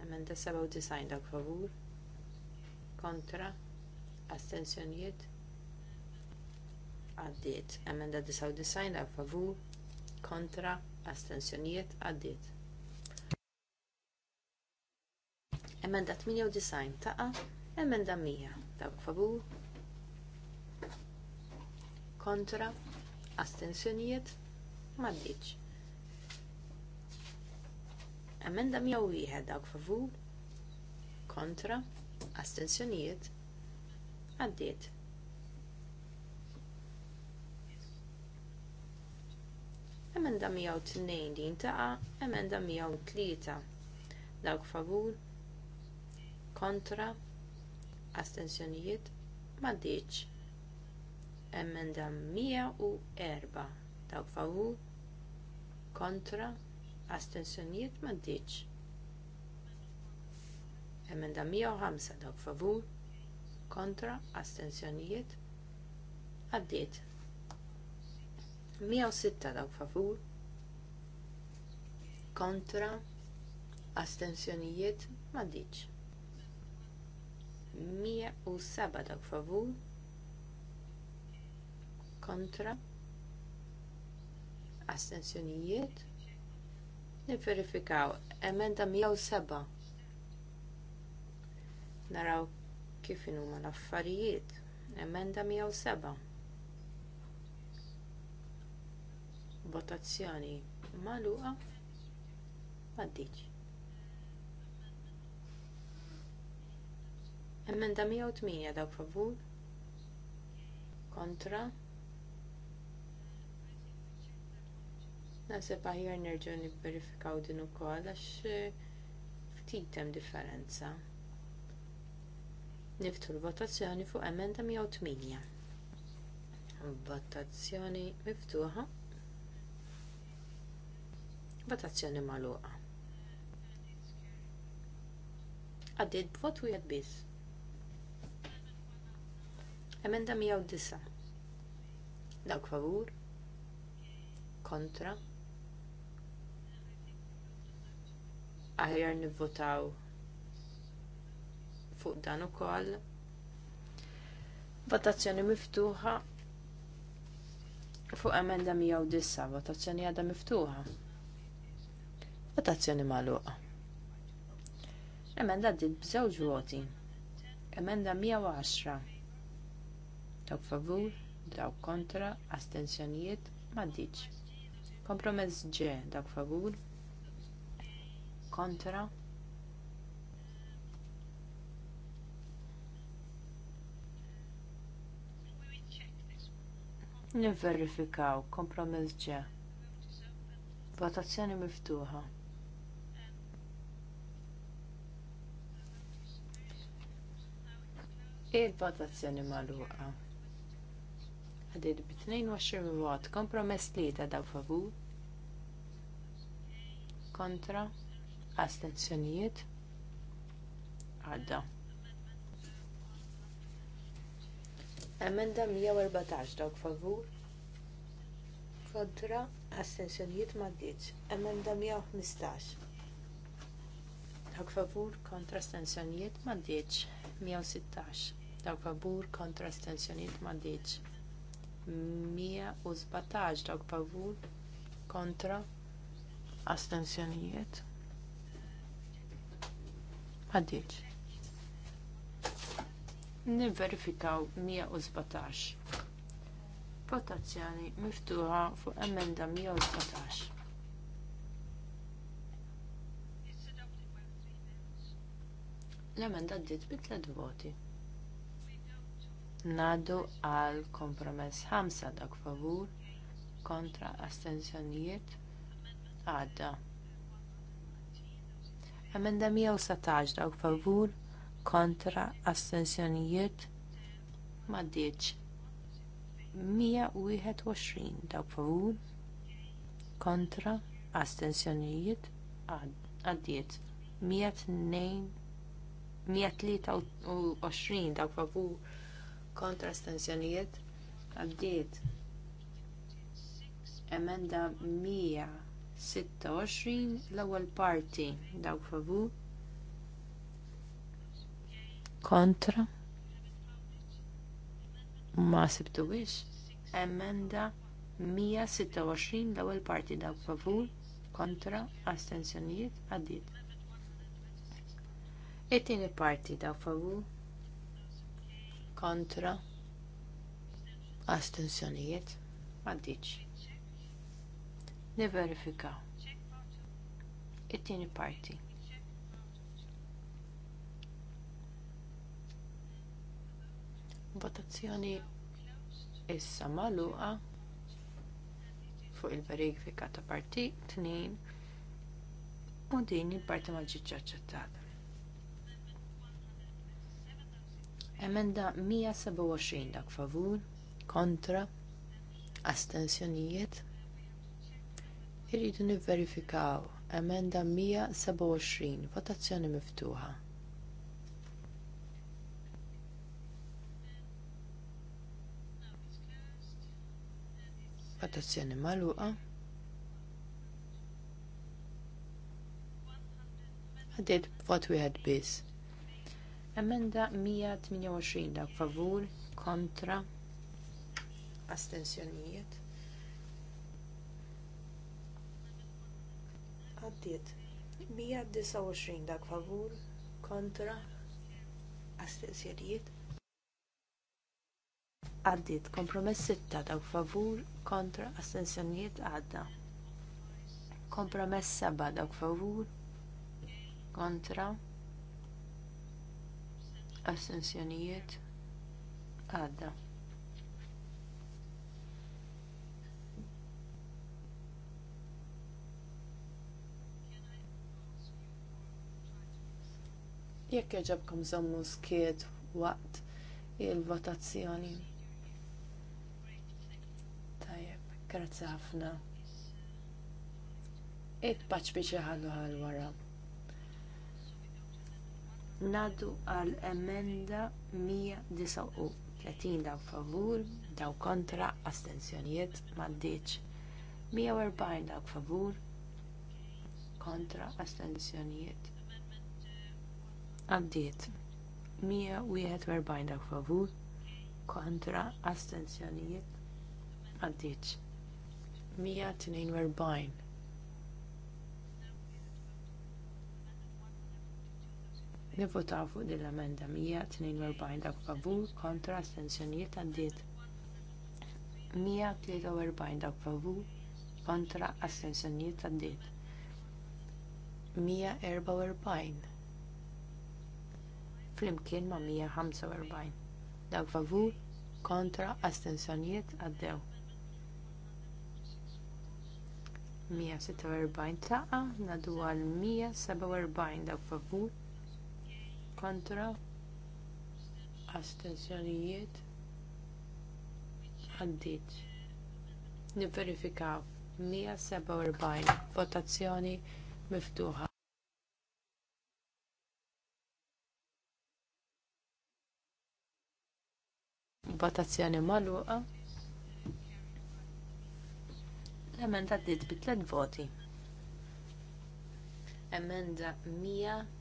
Emenda 97 dak favur kontra astensjonijiet għaddiet. Emenda 99 dak favur kontra astensjonijiet għaddiet. Emenda 98 taqa' emenda 100 Tab favur kontra astensjonijiet maddiċ emenda wieħed dawk favur kontra astensjonijiet għaddiet emenda tnejn din taqa, emenda tlieta dawk favur kontra astensjonijiet maddiċ emenda 104 dawk favur kontra astensjonijiet maddiċ emenda 105 dawk favur kontra astensjonijiet għaddiet 106 dawk favur kontra astensjonijiet maddiċ 107 dak favur kontra astensjonijiet nifverifikaw emenda 107 naraw kif inhuma l-affarijiet emenda 107 votazzjoni magħluqa m'għaddiċ Emenda 108 daw favur kontra. Nasib aħjar nerġgħu nibverifikaw din ukoll għax eh, ftit hemm differenza. Niftu l-votazzjoni fuq emenda 108. Votazzjoni miftuħa. Votazzjoni magħluqa. Għaddit b'vot wieħed biss. Emenda 109. Dawk favur. Kontra. Aħjar nivvotaw fuq dan ukoll. Votazzjoni miftuħa fuq emenda 109. Votazzjoni għadha miftuħa. Votazzjoni magħluqa. Emenda ddit b'żewġ voti. Emenda 110 Dawk favur, dawk kontra, astensjonijiet maddiċ. Kompromess G, dawk favur, kontra, Nivverifikaw kompromess ġe. Votazzjoni miftuħa. Il-votazzjoni magħluqa għaddit bi 22 vot kompromess li ta' daw favur kontra astenzjonijiet għadda. Emenda 114 dawk favur kontra astenzjonijiet maddiċ. Emenda 115 dawk favur kontra astenzjonijiet maddiċ. 116 dawk favur kontra astenzjonijiet maddiċ. 117 dawk favur kontra astensjonijiet. Għaddiċ. Niverifikaw 117. Votazzjoni miftuħa fuq emenda 117. L-emenda bit bitlet voti. Ngħaddu għal kompromess ħamsa dak favur kontra astensjonijiet għadda. Emenda 117 dak favur kontra astensjonijiet maddiċ. 121 dak favur kontra astensjonijiet għaddiet. 102 123 dak favur kontra astensjonijiet għaddiet. Emenda 126 l-ewwel parti dawk favur kontra ma sibtu biex emenda 126 l-ewwel parti dawk favur kontra astensjonijiet għaddiet. It-tieni parti dawk favur kontra astensjonijiet ma diċ Niverifika. It-tieni parti. Votazzjoni issa maluqa fuq il-verifika ta' parti tnejn u din il-parti ma ġietx aċċettata. Emenda 127 dak favur kontra astensjonijiet. Irridu nivverifikaw emenda 127 votazzjoni miftuħa. Votazzjoni magħluqa. Għaddiet vot wieħed biss. Emenda 128 dak favur kontra astensjonijiet. Għaddiet 129 dak favur kontra astensjonijiet. Għaddiet kompromess 6 dak favur kontra astensjonijiet għadda. Kompromess 7 dak favur kontra astensjonijiet Ascensjonijiet għadda jekk jaġabkom zommu skiet waqt il-votazzjoni tajjeb grazzi ħafna it-paċ biex ħallu ħal wara Nadu għal emenda 139 daw favur, daw kontra, astensjonijiet maddiċ. 140 daw favur, kontra, astensjonijiet. Għaddiet. 141 daw favur, kontra, astensjonijiet maddiċ. 142 Nivvotaw fuq din l-amenda 142 dak favur kontra astensjonijiet għaddiet. 143 dak favur kontra astensjonijiet għaddiet. 144 flimkien ma' 145 dak favur kontra astensjonijiet għaddew. 146 tlaqa nadu għal 147 dak favur kontra astenzjonijiet għaddit. Niverifikaw 147 votazzjoni miftuħa. Votazzjoni magħluqa. L-emenda għaddit bit tliet voti. Emenda 100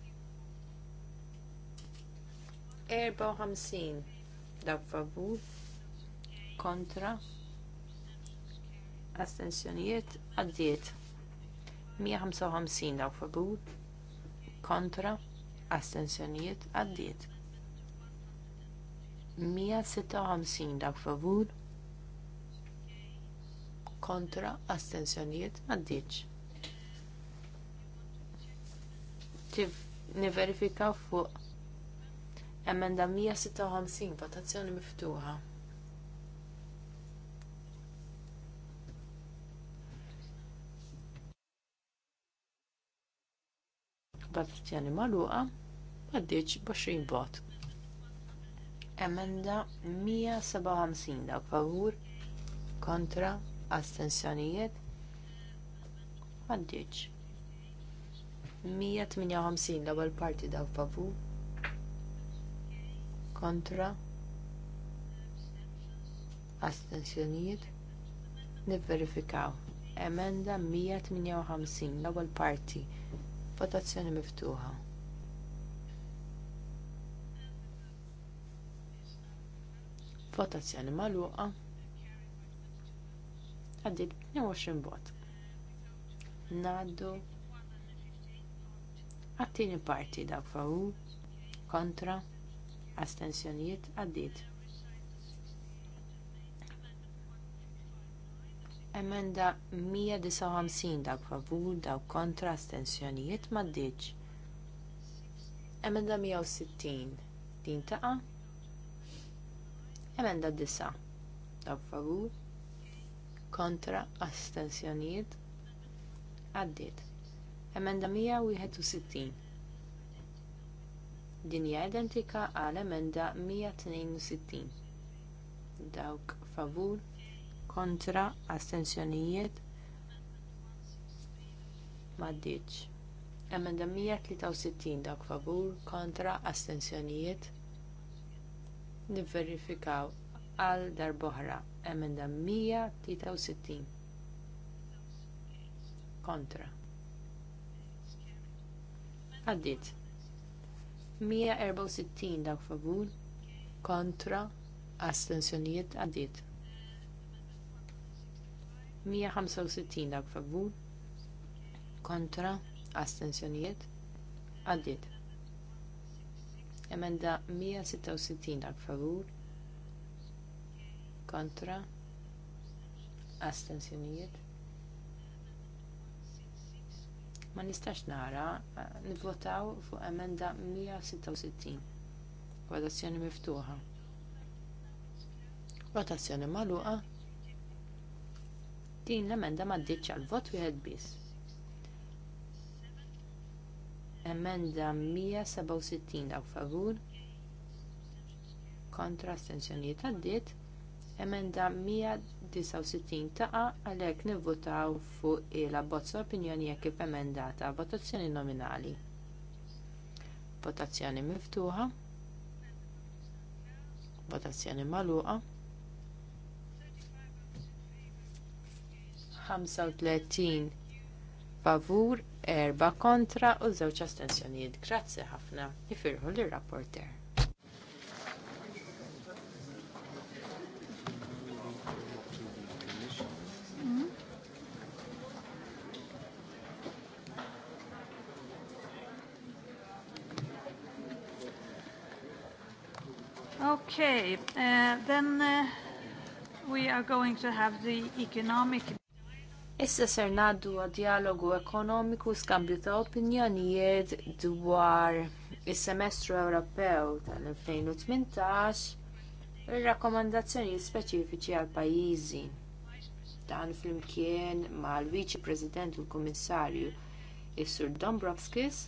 54 dawk favur kontra astensjonijiet għaddiet 155 dawk favur kontra astensjonijiet għaddiet 156 dawk favur kontra astensjonijiet għaddiet Tiv niverifikaw fuq Emenda 156, votazzjoni miftuħa. Votazzjoni magħluqa, għaddiċ b'oxrin vot. Emenda 157 dawk favur kontra astensjonijiet għaddiċ. 158 l-ewwel parti dak favur kontra astensjonijiet nivverifikaw emenda 158 l-ewwel parti votazzjoni miftuħa votazzjoni magħluqa Għaddit 22 vot ngħaddu għat-tieni parti dak fawu. kontra astensjonijiet għaddiet. Emenda 159 dawk favur, dawk kontra astensjonijiet maddiċ. Emenda 160 din taqa. Emenda 9 dawk favur, kontra astensjonijiet għaddiet. Emenda 161 Din hija identika għal emenda 162. Dawk favur kontra astensjonijiet maddiċ. Emenda 163 dawk favur kontra astensjonijiet nivverifikaw għal darboħra emenda 163 kontra. Għaddit. 164 dak favur kontra astensjonijiet għaddiet. 165 dak favur kontra astensjonijiet għaddiet. Emenda 166 dak favur kontra astensjonijiet ma nistax nara nivvotaw fuq emenda 166 votazzjoni miftuħa votazzjoni magħluqa din l-emenda m'għaddietx għal vot wieħed biss emenda 167 daw favur kontra astensjonijiet għaddiet Emenda 169 taqa għalhekk nivvotaw fuq il-abbozza opinjoni jekk kif emendata votazzjoni nominali. Votazzjoni miftuħa. Votazzjoni magħluqa. 35 favur, erba kontra u żewġ astensjonijiet. Grazzi ħafna. Ifirħu lir rapporter Okay, uh, then uh, we are going to have the economic Issa ser naddu dialogu ekonomiku skambju ta' opinjonijiet dwar is-semestru Ewropew tal-2018 il rakkomandazzjonijiet speċifiċi għal pajjiżi. Dan flimkien mal-Viċi President u l-Kummissarju is-Sur Dombrovskis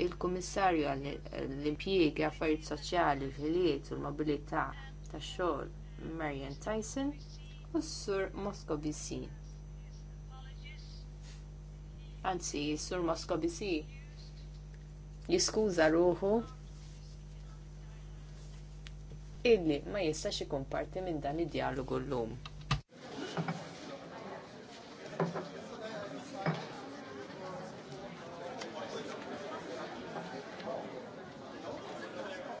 il-Kummissarju għall-Impjiegi Affarijiet Soċjali, l-Ħiliet u l-Mobilità tax-xogħol Marian Tyson u s-Sur Moscovici. Anzi, s-Sur Moscovici jiskuża ruħu illi ma jistax ikun parti minn dan id-dialogu llum.